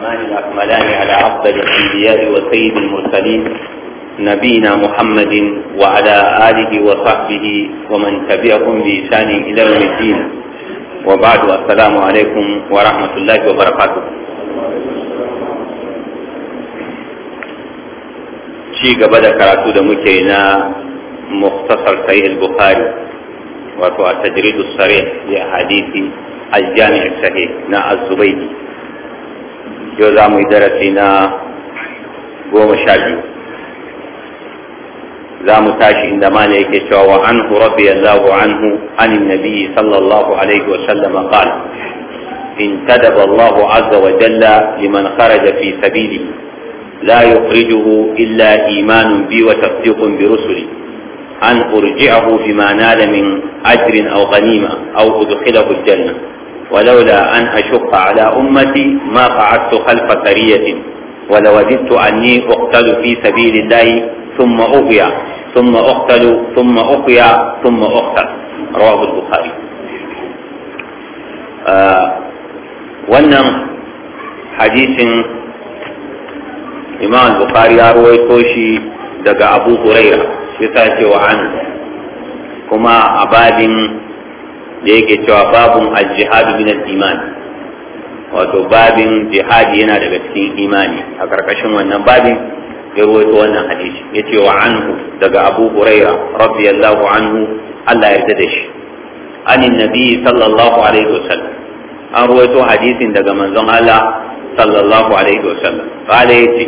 الرحمن الأكملان على أفضل الأنبياء وسيد المرسلين نبينا محمد وعلى آله وصحبه ومن تبعهم بإحسان إلى يوم الدين وبعد السلام عليكم ورحمة الله وبركاته شيء gaba كراتو karatu مختصر صحيح البخاري muktasar sahih al-bukhari wato a tajridu sarih جو زامو درسینا گوم شاجو زامو تاشی اندامانی ایکی چوا عنه ربی الله عنه عن النبي صلى الله عليه وسلم قال انتدب الله عز وجل لمن خرج في سبيله لا يخرجه إلا إيمان بي وتصديق برسلي أن أرجعه بما نال من أجر أو غنيمة أو أدخله الجنة ولولا أن أشق على أمتي ما قعدت خلف سرية ولوددت أني أقتل في سبيل الله ثم أغيى ثم أقتل ثم أقيى ثم أقتل رواه البخاري آه، wannan hadisin imam البخاري ya ruwaito shi daga abu huraira shi ta ce an kuma da yake cewa babun al-jihadu min al-iman wato babin jihadi yana daga cikin imani a karkashin wannan babin ya rawaito wannan hadisi yace wa anhu daga Abu Hurairah radiyallahu anhu Allah ya yarda da shi an annabi sallallahu alaihi wasallam an rawaito hadisin daga manzon Allah sallallahu alaihi wasallam qala yace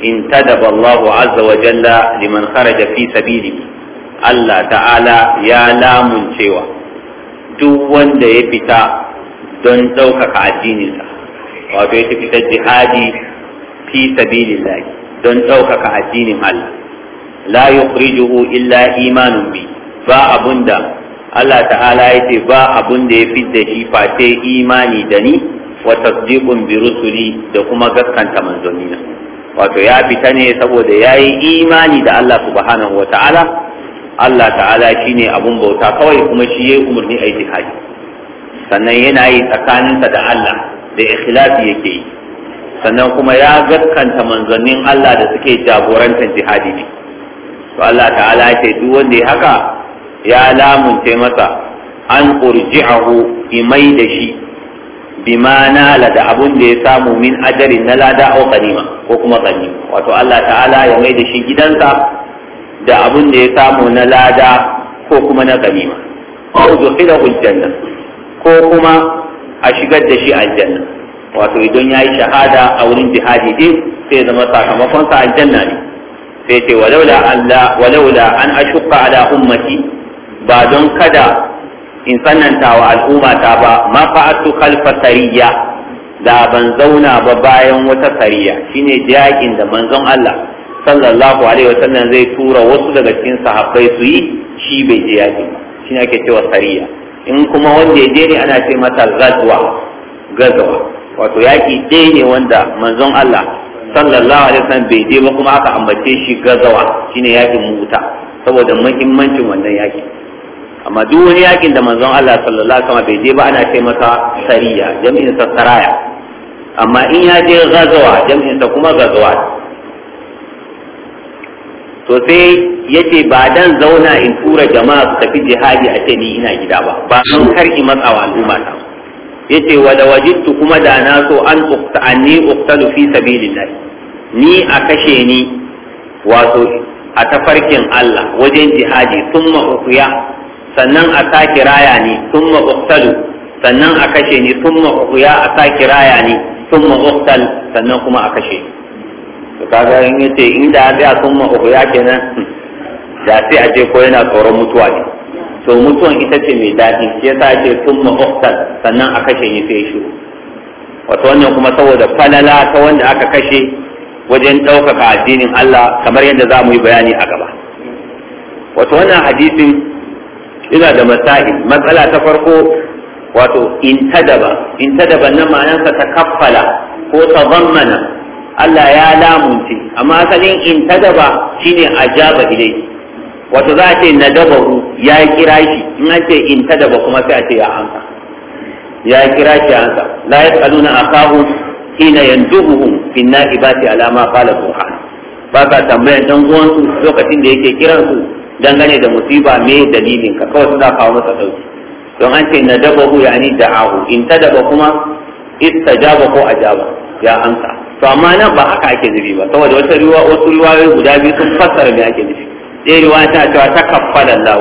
intadaba Allahu azza wa jalla liman kharaja fi sabili Allah ta'ala ya lamun cewa duk wanda ya fita don ɗaukaka addininsa wato ya fita jihadi fi sabilillah don ɗaukaka addinin Allah la yukhrijuhu illa imanun bi ba Allah ta'ala ya ce ba abun da ya fi da shi face imani da ni wa tasdiqun bi rusuli da kuma gaskanta manzonnina wato ya fita ne saboda yayi imani da Allah subhanahu wa ta'ala Allah ta'ala shine abun bauta kawai kuma shi yayi umarni a jihadi sannan yana yi tsakaninsa da Allah da ikhlasi yake yi sannan kuma ya gaskanta manzannin Allah da suke jagorantar jihadi ne to Allah ta'ala ya ce duk wanda ya haka ya lamunce masa an urji'ahu imai da shi bima nala da abun da ya samu min ajarin na lada au ganima ko kuma ganima wato Allah ta'ala ya mai da shi gidansa da abin da ya samu na lada ko kuma na ganima ko zuhira aljanna ko kuma a shigar da shi aljanna wato idan yayi shahada a wurin jihadi din sai zama sakamakon sa aljanna ne sai ce walaula an ashqa ala ummati ba don kada in sananta wa al'ummata ba ma fa'atu khalfa sariya da ban zauna ba bayan wata sariya shine jakin da manzon Allah sallallahu alaihi wa sallam zai tura wasu daga cikin sahabbai su yi shi bai je yaƙi shi ake cewa sariya in kuma wanda ya je ne ana ce masa gazwa gazawa wato yaƙi ɗaya ne wanda manzon Allah sallallahu alaihi wa sallam bai je ba kuma aka ambace shi gazawa shine yaƙin muta saboda muhimmancin wannan yaƙi amma duk wani yaƙin da manzon Allah sallallahu alaihi wa sallam bai je ba ana ce masa sariya jami'in sa saraya amma in ya je gazawa jami'in sa kuma gazawa to sai ce ba dan zauna in tura jama'a su tafi jihadi a ce ni ina gida ba ba sun karki matsa wa al'umma ta yace da wajidtu kuma da na so an uqta anni uqtalu fi sabilillah ni a kashe ni wato a tafarkin Allah wajen jihadi sun uqya sannan a sake raya ni sun uqtalu sannan a kashe ni sun uqya a sake raya ni sun uqtal sannan kuma a kashe ni to kaga in yace in da da sun ma uhuya kenan da sai a je ko yana tsoron mutuwa ne to mutuwan ita ce mai daɗi shi yasa ake sun ma sannan a kashe ni sai shi wato wannan kuma saboda falala ta wanda aka kashe wajen ɗaukaka addinin Allah kamar yadda za mu yi bayani a gaba wato wannan hadisin ina da masahi matsala ta farko wato intadaba intadaba nan ma'anarsa ta kaffala ko ta zammana Allah ya lamunce amma asalin in tadaba shine ajaba ilai wato za a ce nadabahu ya kira shi in an ce in tadaba kuma sai a ce ya amsa ya kira shi ansa la yasaluna akahu hina yanduhum fi naibati ala ma qala subhanahu ba ka tambayan dan uwansu su lokacin da yake kiran su dangane da musiba me dalilin ka kawai suna kawo masa dauki don an ce ya ni da'ahu in tadaba kuma istajaba ko ajaba ya amsa. to amma nan ba haka ake nufi ba saboda wata ruwa wasu riwayoyi guda biyu sun fassara me ake nufi ɗaya riwaya ta cewa ta kaffala Allah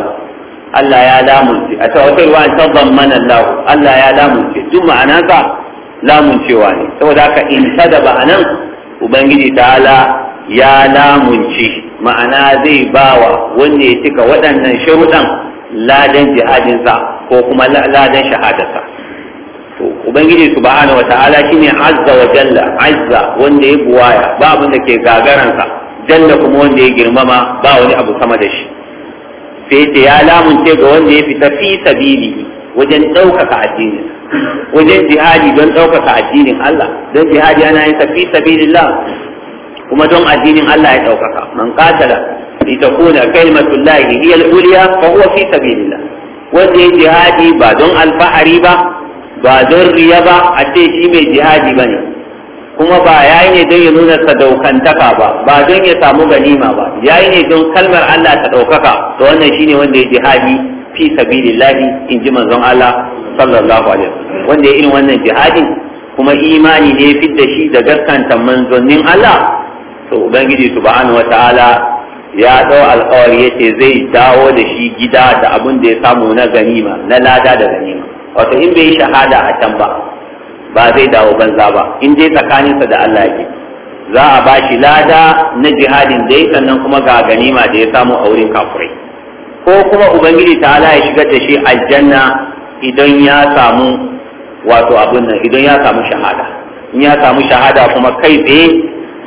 Allah ya lamunce a cewa wata riwaya ta zammana Allah Allah ya lamunce duk ma'anansa lamuncewa ne saboda haka in ta da nan, ubangiji ta'ala ya lamunce ma'ana zai bawa wanda ya cika waɗannan sharuɗan ladan jihadinsa ko kuma ladan shahadarsa ubangiji subhanahu wataala shine azza wa jalla azza wanda ya buwaya ba abin da ke gagaransa jalla kuma wanda ya girmama ba wani abu sama da shi sai ce ya lamunce ga wanda ya fita fi sabili wajen ɗaukaka addinin wajen jihadi don ɗaukaka addinin Allah don jihadi ana yin fi allah. kuma don addinin Allah ya ɗaukaka man qatala li takuna kalimatullahi hiya al-ulya fa huwa fi sabilillah wanda ya jihadi ba don alfahari ba ba don riya ba a ce shi mai jihadi ba ne kuma ba ya yi ne don ya nuna sadaukantaka ba ba don ya samu ganima ba ya yi ne don kalmar Allah ta ɗaukaka to wannan ne wanda ya jihadi fi sabilillahi in ji manzon Allah sallallahu alaihi wasallam wanda ya irin wannan jihadin kuma imani ne ya fidda shi da gaskanta manzonin Allah to ubangiji subhanahu wataala ya dau alƙawari yace zai dawo da shi gida da abin da ya samu na ganima na lada da ganima wato in bai yi shahada a can ba ba zai dawo banza ba in dai tsakaninsa da Allah yake za a ba shi lada na jihadin dai sannan kuma ga ganima da ya samu a wurin kafurai ko kuma ubangiji ta ala ya shigar da shi aljanna idan ya samu wato abun nan idan ya samu shahada in ya samu shahada kuma kai tsaye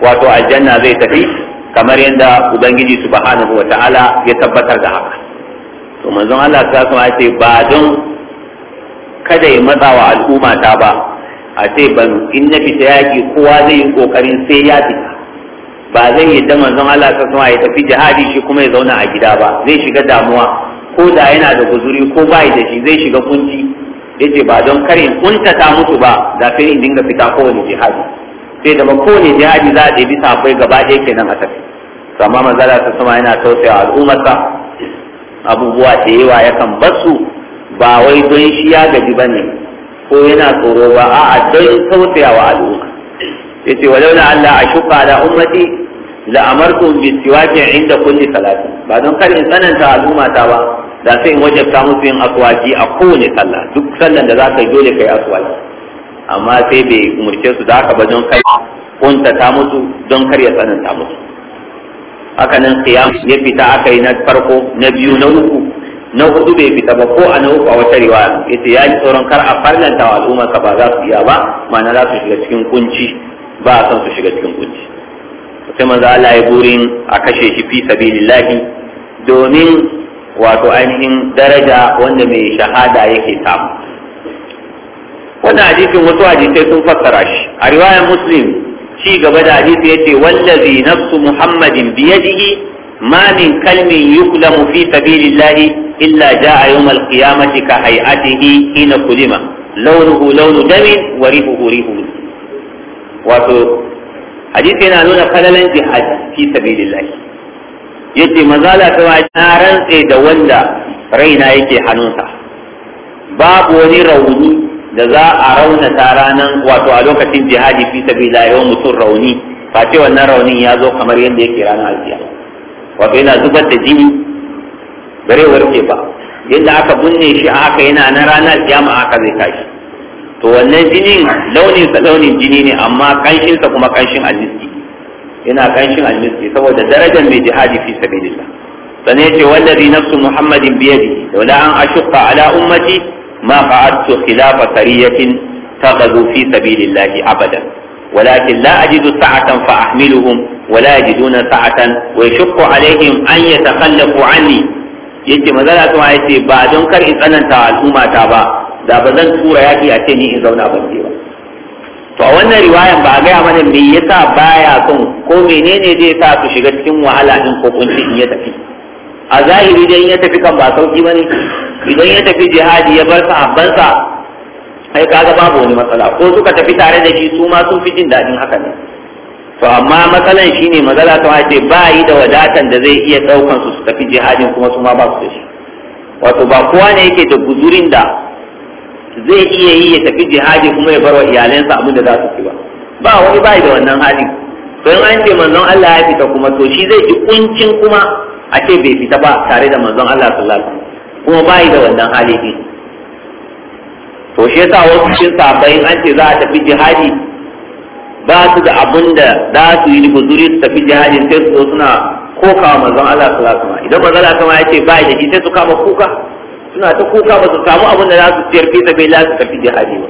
wato aljanna zai tafi kamar yadda ubangiji subhanahu wata'ala ya tabbatar da haka to manzon Allah ta kuma ce ba don kada ya matsa wa al'umma ta ba a ce ban in na fita yaƙi kowa zai yi ƙoƙarin sai ya fita ba zai yi da manzon Allah ta sama ya tafi jihadi shi kuma ya zauna a gida ba zai shiga damuwa ko da yana da guzuri ko ba da shi zai shiga kunci yace ba don karin ta mutu ba da sai in dinga fita kowane jihadi sai da ba kowane jihadi za a ɗebi safai gaba ɗaya kenan a tafi amma manzon Allah ta sama yana tausaya al'ummarsa abubuwa da yawa yakan basu ba wai don shi ya gaji ba ne ko yana tsoro ba a'a don wa al'umma yace walau la Allah ashuqa ala ummati la amartu bi siwaki inda kulli salati ba don kar in tsananta al'umma ta ba da sai in wajabta musu yin aswaji a kowane sallah duk sallan da zaka yi dole kai aswaji amma sai bai umurce su da haka ba don kai ta musu don kar ya tsananta musu Hakanan qiyam ya fita aka yi na farko na biyu na uku na hudu bai fita ba ko a na uku a wata riwaya yace ya ji tsoron kar a farlanta wa al'umma ka ba za su iya ba ma'ana za su shiga cikin kunci ba a son su shiga cikin kunci sai manzo Allah ya burin a kashe shi fi sabilillahi domin wato ainihin daraja wanda mai shahada yake samu wannan hadisin wasu hadisai sun fassara shi a riwayar muslim ci gaba da hadisi yace wallazi nafsu muhammadin biyadihi ma min kalmin yuklamu fi sabilillahi illa jaa yawm alqiyamati ka hay'atihi hina kulima launuhu launu damin wa rihuhu rihu wato hadisi yana nuna falalan jihad fi sabilillahi yace mazala ta wa na rantse da wanda raina yake hannunsa babu wani rauni da za a raunata ranan wato a lokacin jihadi fi sabilillahi wa mutum rauni face wannan raunin ya zo kamar yadda yake ranar alkiyama wato yana zubar da jini bare warke ba yadda aka binne shi a yana na ranar kiyama aka zai tashi to wannan jinin launin sa launin jini ne amma kanshin sa kuma kanshin almiski yana kanshin almiski saboda darajar mai jihadi fi sabilillah sannan ce wallazi nafsu muhammadin biyadi wala an ashqa ala ummati ma qa'adtu khilafa sariyatin taghzu fi sabilillah abadan ولكن لا أجد سعة فأحملهم wala yajiduna sa'atan wai yashqu alaihim an yatakhallafu anni yace mazala to ai ce ba don kar in tsananta al'umma ta ba da ba zan tura yaki a ce ni in zauna ban ba to a wannan riwayan ba a gaya mana me yasa baya son ko menene zai sa su shiga cikin wahala din ko kunci in ya tafi a zahiri dai in ya tafi kan ba sauki bane idan ya tafi jihadi ya bar sahabbansa ai kaga babu wani matsala ko suka tafi tare da shi su ma sun fi jin daɗin haka ne to amma matsalan shine magana ta ce ba yi da wadatan da zai iya daukan su su tafi jihadin kuma su ma ba su da shi wato ba kowa ne yake da guzurin da zai iya yi ya tafi jihadi kuma ya bar wa iyalansa abin da za su ci ba ba wani yi da wannan hali to in an ce manzon Allah ya fita kuma to shi zai ji kuncin kuma a ce bai fita ba tare da manzon Allah sallallahu alaihi wasallam kuma yi da wannan hali din to shi yasa wasu cikin sabai an ce za a tafi jihadi ba su da abin da za su yi zuri su tafi jihadin sai su suna suna kokawa manzon Allah sallallahu alaihi ma idan manzon Allah ya ce ba da shi sai su kama kuka suna ta kuka ba su samu abin da za su ciyar fi za su tafi jihadi ba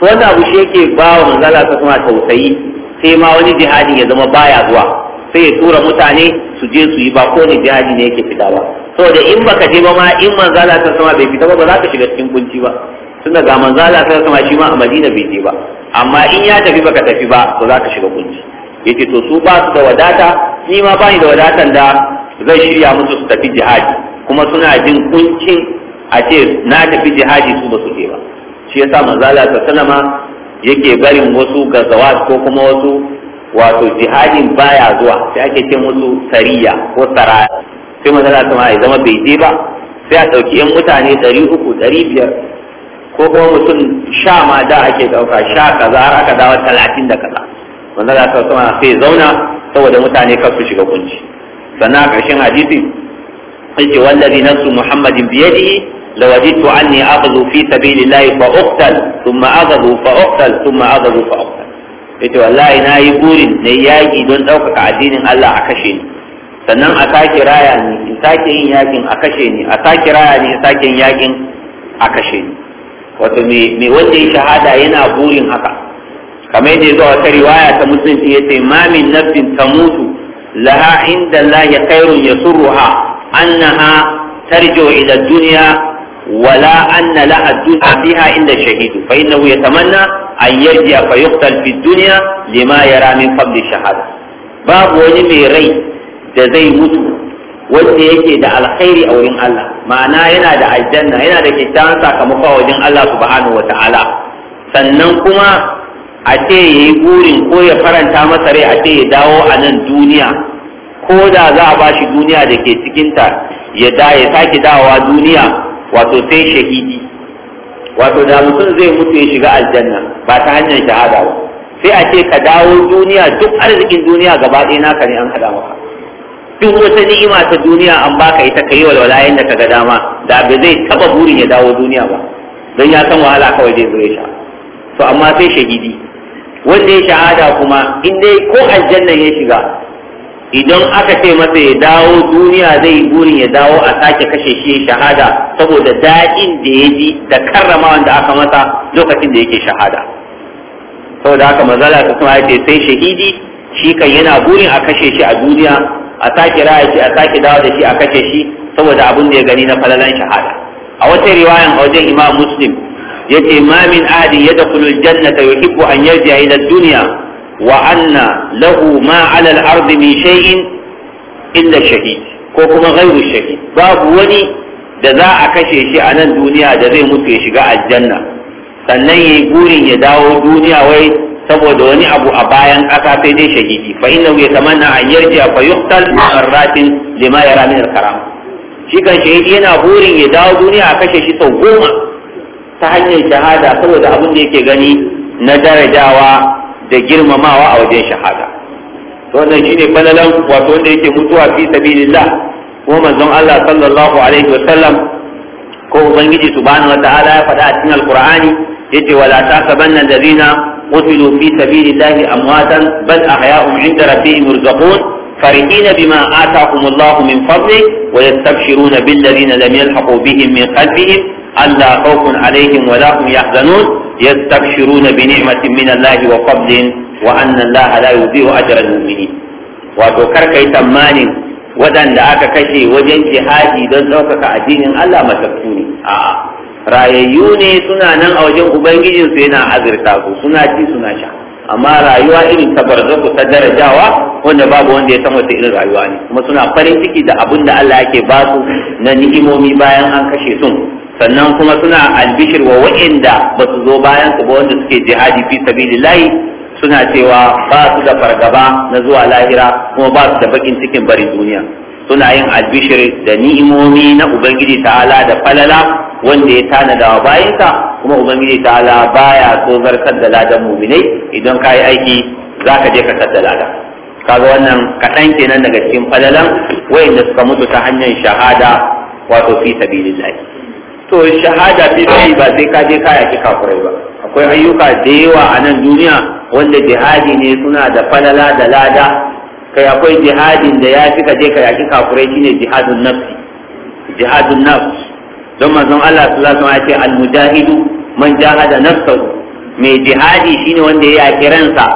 to wannan abu shi yake ba wa manzon Allah sallallahu alaihi tausayi sai ma wani jihadin ya zama baya zuwa sai ya tura mutane su je su yi ba ko ne jihadi ne yake fita ba saboda in baka je ba ma in manzon Allah sallallahu bai fita ba ba za ka shiga cikin kunci ba tunda ga manzo Allah sai kuma shi ma a Madina bai je ba amma in ya tafi baka tafi ba to zaka shiga kunci yace to su ba su da wadata ni ma bani da wadatan da zai shirya musu su tafi jihadi kuma suna jin kuncin a ce na tafi jihadi su ba su je ba shi yasa manzo Allah sallama yake barin wasu gazawat ko kuma wasu wato jihadin baya zuwa sai ake ce musu sariya ko saraya sai manzo Allah ya zama bai je ba sai a ɗauki 'yan mutane ɗari uku ɗari biyar ko kuma mutum sha ma da ake ɗauka sha kaza har aka dawo talatin da kaza wanda za ka sama sai zauna saboda mutane kar su shiga kunci sannan a ƙarshen hadisi yake wallazi nafsu muhammadin biyadihi lawajidtu anni aghzu fi sabilillahi fa uqtal thumma aghzu fa uqtal thumma aghzu fa uqtal yace wallahi na yi burin ne yaki don ɗaukaka addinin Allah a kashe ni sannan a sake raya ni in sake yin yakin a kashe ni a sake raya ni in sake yin yaƙin a kashe ni wato mai wace shahada yana burin haka kamar da ya zo wata riwaya ta musulunci ya ce ma min nafsin ta mutu laha inda la ya kairu ya surruha annaha tarjo ila duniya wala anna laha duniya fiha inda shahidu fa innahu yatamanna an yarji'a fa yuqtal fi duniya lima yara min qabli shahada babu wani mai rai da zai mutu wanda yake da alkhairi a wurin Allah ma'ana yana da aljanna yana da kyakkyawan sakamako a wajen Allah subhanahu wata'ala sannan kuma a ce yayi burin ko ya faranta masa rai a ce ya dawo a nan duniya ko da za a bashi duniya da ke cikinta ya da ya sake dawowa duniya wato sai shahidi wato da mutum zai mutu ya shiga aljanna ba ta hanyar shahada ba sai a ce ka dawo duniya duk arzikin duniya gaba ɗaya naka ne an haɗa maka duk wata ni'ima ta duniya an baka ita kai walwala ka kaga dama da bai zai taba burin ya dawo duniya ba don ya san wahala kawai zai zo ya to amma sai shahidi wanda ya shahada kuma in dai ko aljanna ya shiga idan aka ce masa ya dawo duniya zai burin ya dawo a sake kashe shi ya shahada saboda daɗin da ya ji da karrama wanda aka masa lokacin da yake shahada saboda haka mazala ta kuma ya ce sai shahidi shi kan yana burin a kashe shi a duniya a sake raya shi a sake dawo da shi a kashe shi saboda abin da ya gani na falalan shahada a wata riwayan a wajen imam muslim yace ma min ahadin yadkhulu aljannata yuhibbu an yarji'a ila ad-dunya wa anna lahu ma 'ala al min shay'in illa shahid ko kuma ghayru shahid babu wani da za a kashe shi a nan duniya da zai mutu ya shiga aljanna sannan yayi burin ya dawo duniya wai saboda wani abu a bayan ƙasa sai dai shahidi fa inna ya tamanna an yarji fa yuqtal marratin lima yara min al-karam shi kan shahidi yana burin ya dawo duniya a kashe shi sau goma ta hanyar shahada saboda abin da yake gani na darajawa da girmamawa a wajen shahada wannan shine falalan wato wanda yake mutuwa fi sabilillah ko manzon Allah sallallahu alaihi wa sallam ko ubangiji subhanahu wa ta'ala ya faɗa a cikin alqur'ani yace wala da alladhina قتلوا في سبيل الله أمواتا بل أحياء عند ربهم يرزقون فرحين بما آتاهم الله من فضله ويستبشرون بالذين لم يلحقوا بهم من خلفهم ألا خوف عليهم ولا هم يحزنون يستبشرون بنعمة من الله وفضل وأن الله لا يضيع أجر المؤمنين وتكر كي تمان ودن لأك كشي وجن جهادي دون أوكك أدين ألا ما تكوني آه rayayyu ne suna nan a wajen ubangijin su yana azurta su suna ci suna sha amma rayuwa irin ta barzaku ta darajawa wanda babu wanda ya san wata irin rayuwa ne kuma suna farin ciki da abin da Allah yake ba su na ni'imomi bayan an kashe su sannan kuma suna albishir wa wa'inda ba su zo bayan su ba wanda suke jihadi fi sabilillahi suna cewa ba su da fargaba na zuwa lahira kuma ba su da bakin cikin bari duniya suna yin albishir da ni'imomi na ubangiji ta'ala da falala wanda ya tanada wa bayinsa kuma ubangiji ta ala baya so zartar da ladan mu'minai idan ka aiki zaka ka je ka sadda ladan kaga wannan kaɗan kenan daga cikin falalan wayanda suka mutu ta hanyar shahada wato fi sabilillah to shahada fi ba sai ka je ka yaki kafurai ba akwai ayyuka da yawa a nan duniya wanda jihadi ne suna da falala da lada kai akwai jihadin da ya fi ka je ka yaki kafurai shine jihadun nafsi jihadun nafsi. don mazan Allah su alaihi wasallam ya ce al man jahada nafsahu mai jihadi shine wanda ya yaki ransa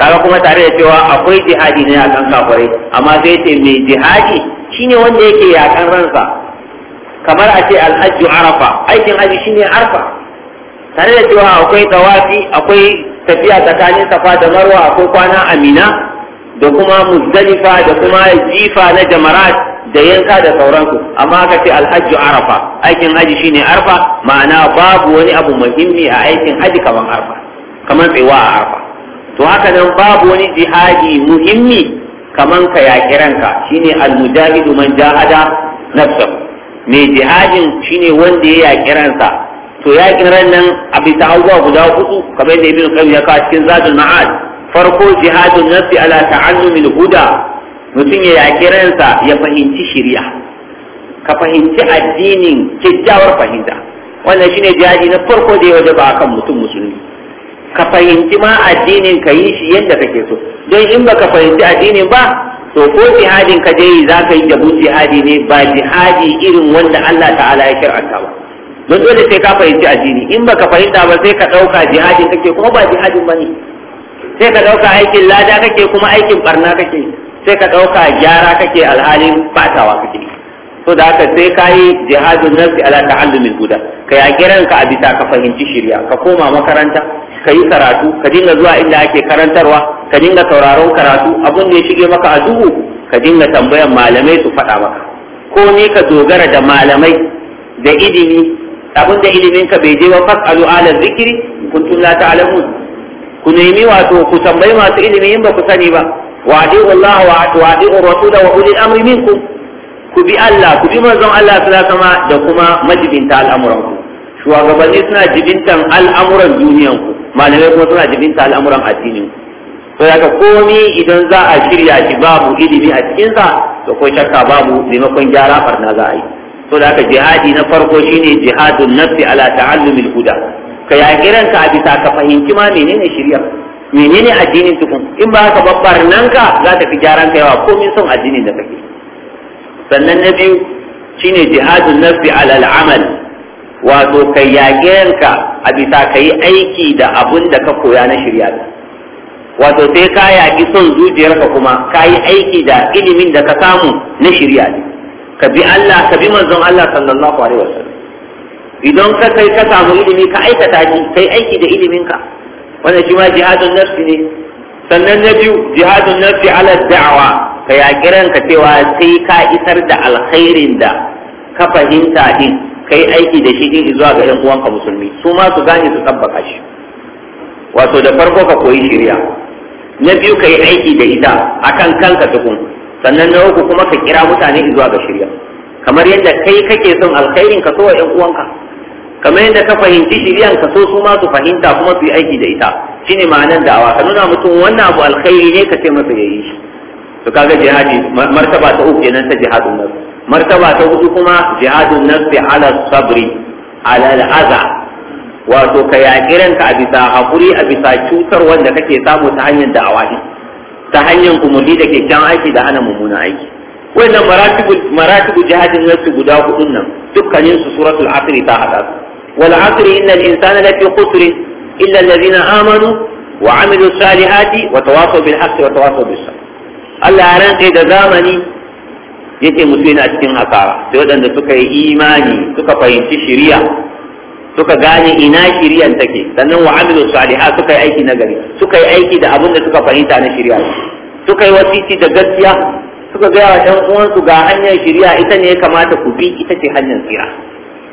kaga kuma tare da cewa akwai jihadi ne akan kafirai amma sai ce mai jihadi shine wanda yake yakan ransa kamar a ce al arafa aikin haji shine arfa tare da cewa akwai tawafi akwai tafiya tsakanin safa da marwa akwai kwana amina da kuma muzdalifa da kuma jifa na jamarat da yanka da sauransu amma aka ce alhajju arafa aikin haji shine arfa ma'ana babu wani abu muhimmi a aikin haji kamar arfa kamar tsayuwa a arfa to haka nan babu wani jihadi muhimmi kamar ka yaƙi ranka shine almujahidu man jahada nafsa mai jihadin shine wanda ya yaƙi ransa to yaƙin ran nan a bisa abubuwa guda hudu kamar yadda ibn qayyim ya kawo cikin zadul ma'ad farko jihadun nafsi ala ta'allumil huda mutum ya yaƙi ransa ya fahimci shirya ka fahimci addinin kyakkyawar fahimta wannan shine jihadi na farko da ya waje ba kan mutum musulmi ka fahimci ma addinin ka yi shi yadda kake so don in ba ka fahimci addinin ba to ko jihadin ka dai za ka yi da bu jihadi ne ba jihadi irin wanda Allah ta'ala ya kiranta ba don dole sai ka fahimci addini in ba ka fahimta ba sai ka ɗauka jihadin kake kuma ba jihadin ba ne sai ka ɗauka aikin lada kake kuma aikin barna kake sai ka ɗauka gyara kake alhalin batawa kake so da haka sai ka yi jihadin nafsi ala ta'allumin huda ka yaƙi ranka a bisa ka fahimci shirya ka koma makaranta ka yi karatu ka dinga zuwa inda ake karantarwa ka dinga sauraron karatu abin da ya shige maka a duhu ka dinga tambayan malamai su faɗa maka ko ne ka dogara da malamai da ilimi abin da ilimin ka bai je ba alu ala zikiri kuntum la ta'lamun ku nemi wato ku tambayi masu ilimi in ba ku sani ba وأطيعوا الله وأطيعوا الرسول وأولي الأمر منكم كبي الله كبي منزل الله ثلاثة ما دكما مجبنت الأمركم شو غبني جبنت الأمر دنياكم ما لم سنا جبنت الأمر أدينكم sai komi idan za a shirya shi babu ilimi a cikinsa to ko shakka babu limakon gyara barna za a yi to da haka jihadi na farko shine jihadun nafsi ala ta'allumil huda ka ya kiranka a bisa ka fahimci ma menene shirya menene addinin tukun in ba ka babbar nan ka za ta fi gyaran ka yawa komin son addini da kake sannan na biyu shine jihadun nafsi alal amal wato kai yaƙe ka a bisa ka yi aiki da abun da ka koya na shirya da wato sai ka yaƙi son zuciyarka kuma ka yi aiki da ilimin da ka samu na shirya ne ka bi Allah ka bi manzon Allah sallallahu alaihi wasallam idan ka kai ka samu ilimi ka aikata shi kai aiki da ilimin ka wannan shi ma jihadun nafsi ne sannan na biyu jihadun fi ala da'awa ka yaƙi ranka cewa sai ka isar da alkhairin da ka fahimta din kai aiki da shi din zuwa ga ƴan uwanka musulmi su ma su gane su tabbaka shi wato da farko ka koyi shirya na biyu ka yi aiki da ita akan kanka tukun sannan na uku kuma ka kira mutane zuwa ga shirya kamar yadda kai kake son alkhairin ka so wa ƴan uwanka kamar yadda ka fahimci shiryan ka so su ma su fahimta kuma su yi aiki da ita shine ma'anar da'awa ka nuna mutum wannan abu alkhairi ne ka ce masa ya yi shi to kaga jihadi martaba ta uku kenan ta jihadun nas martaba ta hudu kuma jihadun nas ala sabri ala al'aza wato ka yaƙi ka a bisa haƙuri a bisa cutar wanda kake samu ta hanyar da'awa ne ta hanyar kumuli da kyakkyawan aiki da hana mummunan aiki wannan maratibu jihadin nasu guda hudun nan dukkanin su suratul asri ta hada su wal asri innal insana lafi khusr إلا الذين آمنوا وعملوا الصالحات وتواصوا بالحق وتواصوا بالصبر Allah ya rantse da zamani yake musu yana cikin hasara sai waɗanda suka yi imani suka fahimci shiriya suka gane ina shiriyan take sannan wa amilu suka yi aiki nagari suka yi aiki da abin da suka fahimta na shiriya suka yi wasiti da gaskiya suka gaya wa ɗan uwansu ga hanyar shiriya ita ne ya kamata ku bi ita ce hanyar tsira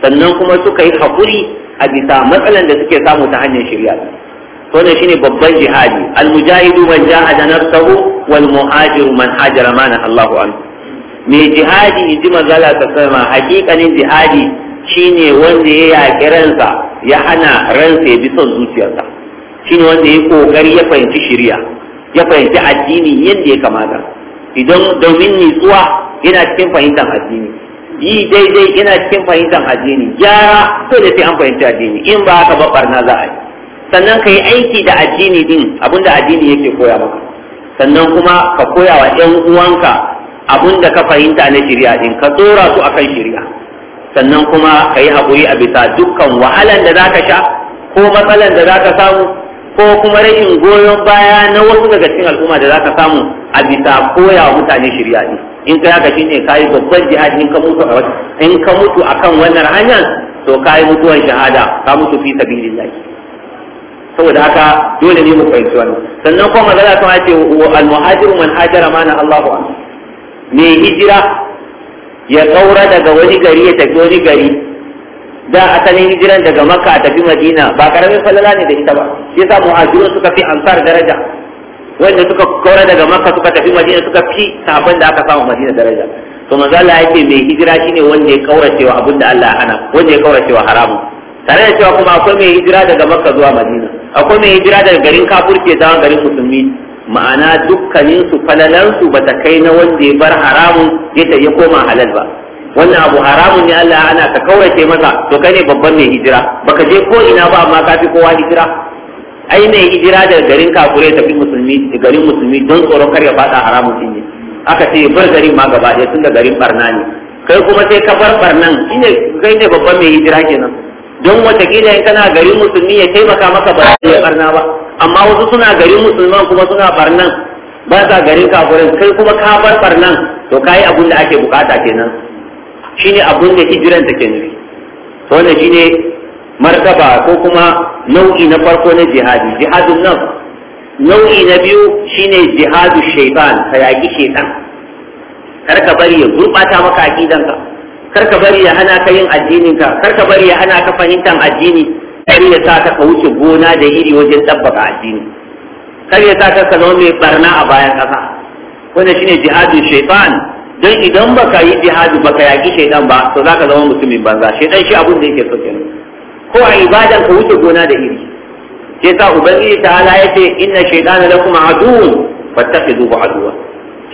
sannan kuma suka yi haƙuri a bisa matsalan da suke samu ta hanyar shirya to ne shine babban jihadi al mujahidu man jahada nafsahu wal muhajiru man hajara ma na Allahu an me jihadi inji manzala ta sama hakikanin jihadi shine wanda ya yaƙi ransa ya hana ransa ya bi son zuciyarsa shine wanda ya kokari ya fahimci shirya ya fahimci addini yadda ya kamata idan domin nitsuwa yana cikin fahimtar addini yi daidai ina cikin fahimtar addini gyara to da sai an fahimci addini in ba ka ba barna za a yi sannan ka yi aiki da addini din abinda addini yake koya maka sannan kuma ka koya wa ɗan uwanka abinda ka fahimta na shari'a din ka tsora su akan shari'a sannan kuma ka yi haƙuri a bisa dukkan wahalan da zaka sha ko matsalan da zaka samu ko kuma rashin goyon baya na wasu daga cikin al'umma da zaka samu a bisa koya wa mutane shari'a din in kai haka shine kai babban jihad in ka mutu a in ka mutu akan wannan hanyar to kai mutuwan shahada ka mutu fi sabilillah saboda haka dole ne mu fahimci wannan sannan kuma magana ta ce al muhajiru man hajara mana Allahu an me hijira ya kaura daga wani gari ya tafi wani gari da asalin hijiran daga makka a tafi madina ba karamin falala ne da ita ba shi yasa muhajirun suka fi ansar daraja wanda suka kaura daga makka suka tafi madina suka fi sabon da aka samu madina daraja to manzo Allah yake mai hijira shine wanda ya kaura cewa abin da Allah ya hana wanda ya kaura cewa haramun tare da cewa kuma akwai mai hijira daga makka zuwa madina akwai mai hijira daga garin ke zuwa garin musulmi ma'ana dukkanin su falalan su bata kai na wanda ya bar haramun ya ta ya koma halal ba wannan abu haramun ne Allah ana ka kaurace masa to kai ne babban mai hijira baka je ko ina ba amma ka fi kowa hijira ai mai hijira daga garin kafure tafi musulmi musulmi garin musulmi don tsoron kar ya fada haramun din ne aka ce bar garin ma gaba ɗaya tunda garin barna ne kai kuma sai ka bar barnan shine kai ne babban mai hijira kenan don kila in kana garin musulmi ya taimaka maka ba ya barna ba amma wasu suna garin musulman kuma suna barnan ba sa garin kafirin kai kuma ka bar barnan to kai abun da ake bukata kenan shine abun da hijiran take nufi to wannan shine martaba ko kuma nau'i na farko na jihadi jihadun nan nau'i na biyu shine jihadu shaitan ka yaƙi shaitan kar ka bari ya gurɓata maka ka kar ka bari ya hana ka yin addininka kar ka bari ya hana ka fahimtar addini kar ya sa ka wuce gona da iri wajen tabbaka addini kar ya sa ka ka zama mai barna a bayan ƙasa wannan shine jihadu shaitan don idan baka yi jihadu baka yaki shaitan ba to zaka zama mutumin banza shaitan shi abun da yake so kenan ko a ibadan ka wuce gona da iri shi yasa ubangiji ala ya ce inna shaytana lakum aduwwun fattakhiduhu aduwwa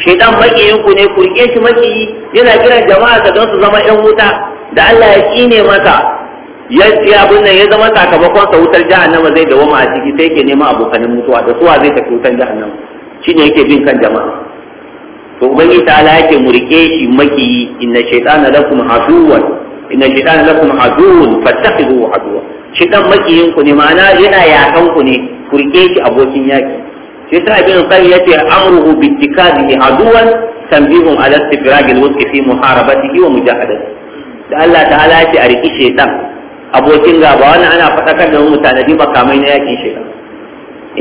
shaytan makiyin ku ne ku rike shi makiyi yana kiran jama'a ka don su zama yan wuta da Allah ya kine masa ya ya bunne ya zama sakamakon sa wutar jahannama zai dawoma a ciki sai ke neman abokanin mutuwa da suwa zai tafi wutar jahannama ne yake bin kan jama'a to ubangiji ta'ala yake mu rike shi makiyi inna shaytana lakum aduwwun inna shaytana lakum aduwwun fattakhiduhu aduwwa shi dan makiyin ku ne ma'ana yana yakan ku ne kurke shi abokin yaki shi ta ibn ya ce amruhu bi bi aduwan tanbihun ala istifragil wuski fi muharabatihi wa mujahadati da Allah ta'ala ya ce a riki shaytan abokin gaba wani ana fadakar da mutane ba makamai na yakin shaytan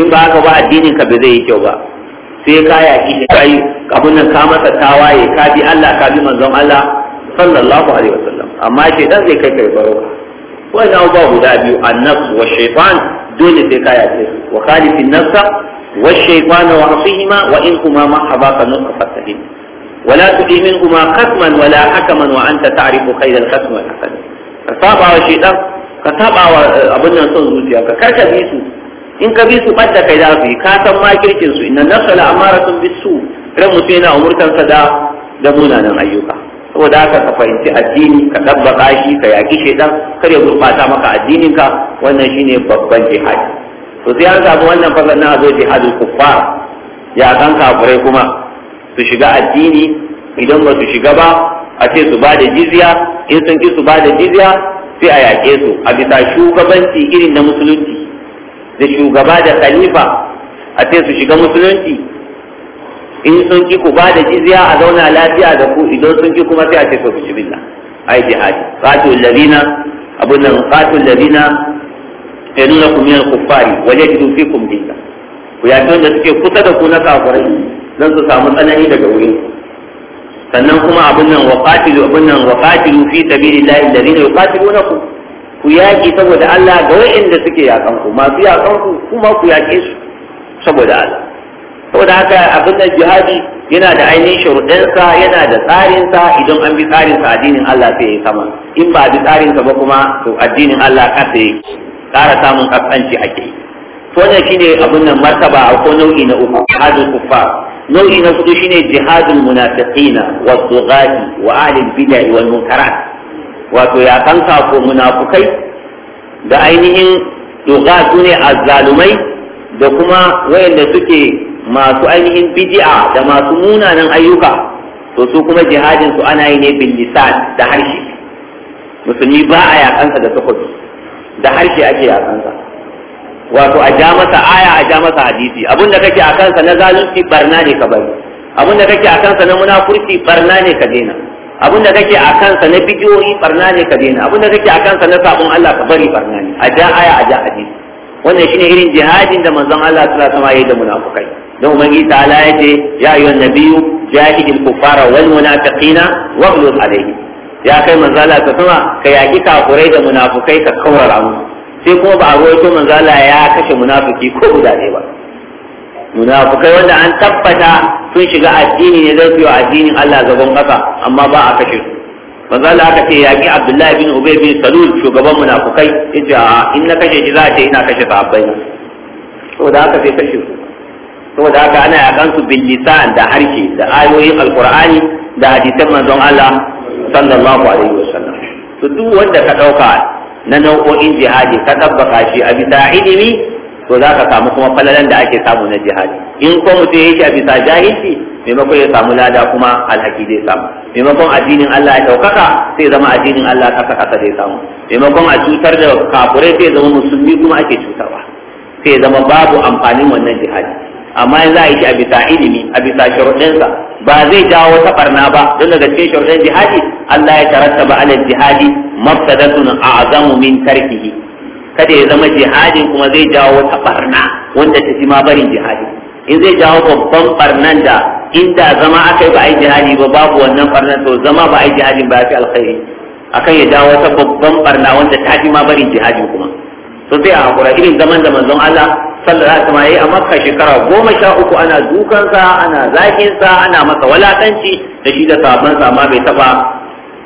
in ba haka ba addinin ka bai zai yi kyau ba sai ka yaki shi kai abun nan ka masa tawaye ka bi Allah ka bi manzon Allah sallallahu alaihi wasallam amma shaytan zai kai kai baro wani abubuwa guda biyu annas wa shaytan dole sai ka yace wa khalifin nafsa wa shaytana wa asihima wa in kuma ma habaka nuka fasahin ولا تؤي منهما خصما ولا حكما وانت تعرف خير الخصم والحسن فصابا وشيطان ka taba wa abin eh, nan son zuciya ka karka bi su in ka bi su badda kai za su yi ka san ma kirkin su inna nafsa la amaratun bisu ran mutum yana umurtan sa da da munanan ayyuka ko da ka ka fahimci addini ka dabbaka shi ka yaki shedan kar ya gurbata maka addinin ka wannan shine babban jihad to sai an samu wannan fasalin na zai jihadul kuffar ya kan kafirai kuma su shiga addini idan ba su shiga ba a ce su bada da jizya in sun ki su ba jizya sai a yaƙe su a bisa shugabanci irin na musulunci da shugaba da khalifa a ce su shiga musulunci in sun ki ku ba da jizya a zauna lafiya da ku idan sun ki kuma sai a ce to ku jibilla ai jihadi qatul ladina abun nan qatul ladina yadunakum min al-kuffari wa yajidu fikum dinka ku ya ta wanda suke kusa da ku na kafirai dan su samu tsanani daga wurin sannan kuma abun nan wa qatilu abun nan wa qatilu fi sabilillahi alladhina yuqatilunakum ku yaki saboda Allah ga wa'inda suke yakan ku masu yakan ku kuma ku yake su saboda Allah saboda haka abin da jihadi yana da ainihin shuruɗinsa yana da tsarinsa idan an bi tsarinsa addinin Allah sai ya yi sama in ba bi tsarinsa ba kuma to addinin Allah kasa yi ƙara samun kasance ake yi to wannan ne abin nan martaba ko nau'i na uku jihadul kuffa nau'i na hudu shine jihadul munafiqina wa dhughati wa ahli bid'ah wal munkarat wato ya kanka ko munafukai da ainihin dhughat ne azzalumai da kuma wayanda suke masu ainihin bid'a da masu munanan ayyuka to su kuma jihadin su ana yi ne bil lisan da harshe musulmi ba a yakansa da takobi da harshe ake yakansa wato a ja masa aya a ja masa hadisi abinda kake a kansa na zalunci barna ne ka bari abinda kake a kansa na munafurci barna ne ka daina abinda kake a kansa na bidiyoyi barna ne ka daina abinda kake a kansa na sabon Allah ka bari barna ne a ja aya a ja hadisi wannan shine irin jihadin da manzon Allah sallallahu alaihi wasallam ya yi da munafukai don ubangiji ta'ala ya ce ya ayyuhan nabiyyu jahidil kuffara wal munafiqina waghlub alaihim ya kai manzala ta sama ka yaki kafurai da munafukai ka kaurara musu sai kuma ba a rawaito manzala ya kashe munafiki ko guda ɗaya ba munafukai wanda an tabbata sun shiga addini ne zai fiye addinin Allah gaban ƙasa amma ba a kashe su manzala aka ce yaki Abdullahi bin Ubay bin Salul shugaban munafukai yace a in na kashe shi za a ce ina kashe sahabbai na saboda haka sai kashe su saboda haka ana yakan su bin lisan da harshe da ayoyin alqur'ani da hadisan manzon Allah sallallahu alaihi wasallam to duk wanda ka dauka na nau'o'in jihadi ka tabbaka shi a bisa ilimi to za ka samu kuma falalan da ake samu na jihadi in ko mutum ya shi a bisa jahilci maimakon ya samu lada kuma alhaki zai samu maimakon addinin Allah ya ɗaukaka sai zama addinin Allah kasa kasa zai samu maimakon a cutar da kafurai sai zama musulmi kuma ake cutarwa sai zama babu amfanin wannan jihadi amma za a yi shi a bisa ilimi a bisa sharuɗinsa ba zai jawo wata ɓarna ba don daga cikin sharuɗin jihadi Allah ya tarattaba ala jihadi mafsadatun a'zamu min tarkihi kada ya zama jihadin kuma zai jawo wata ɓarna wanda ta fi ma barin jihadi in zai jawo babban barnan da inda zama aka yi ba a yi jihadi ba babu wannan barnan to zama ba a yi jihadin ba ya fi alkhairi akan ya jawo wata babban barna wanda ta fi ma barin jihadi kuma to sai a hakura irin zaman da manzon Allah sallallahu alaihi wasallam a makka shekara goma sha uku ana dukansa ana zakinsa ana masa walakanci da shi da sabon amma bai taba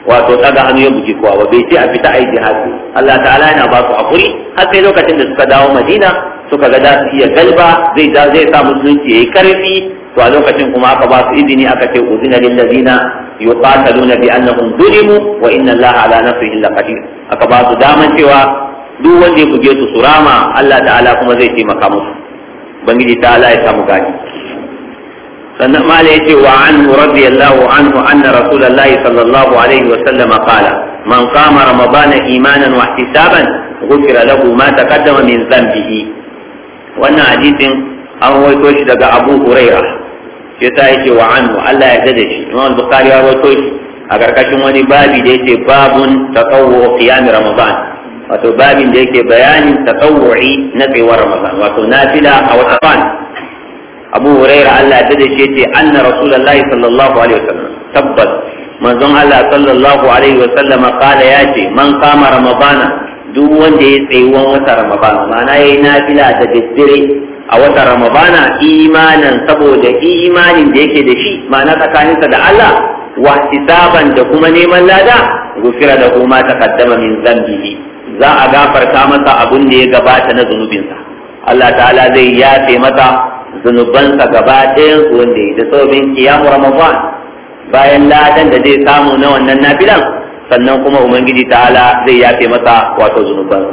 wato daga hannu ya buji kowa ba bai ce a fita ai jihadi Allah ta'ala yana ba su hakuri har sai lokacin da suka dawo Madina suka ga za su iya galba zai zai sa musulunci yi karfi to a lokacin kuma aka ba su izini aka ce uzina lil ladina yuqataluna bi annahum zulimu wa inna allaha ala nasrihim laqadir aka ba su daman cewa duk wanda ya buge su rama Allah ta'ala kuma zai taimaka musu bangiji ta'ala ya samu gani sannan mala ya ce wa an radiyallahu anhu anna rasulullahi sallallahu alaihi wa sallama qala man qama ramadana imanan wa ihtisaban ghufira lahu ma taqaddama min dhanbihi wannan hadisin an waito shi daga Abu Huraira shi ta yake wa anhu Allah ya dade shi Imam Bukhari ya waito shi a karkashin wani babi da yake babun taqawwu qiyam ramadan wato babin da yake bayanin tatawwu'i na tsayuwar ramadan wato nafila a watan abu huraira Allah ya dade shi yace anna rasulullahi sallallahu alaihi wasallam tabbas manzon Allah sallallahu alaihi wasallam ya ce man kama ramadana duk wanda ya tsayuwan wata ramadana ma'ana yayi nafila da daddare a wata ramadana imanan saboda imanin da yake da shi ma'ana tsakaninsa da Allah wa wahtisaban da kuma neman lada gufira da kuma taqaddama min zambihi za a gafarta masa abun da ya gabata na zunubinsa Allah ta'ala zai yafe masa zunubansa gaba ɗayan su wanda ya da sauƙin kiyamu ramadan bayan ladan da zai samu na wannan nafilan sannan kuma ubangiji ta'ala zai yafe masa wato zunuban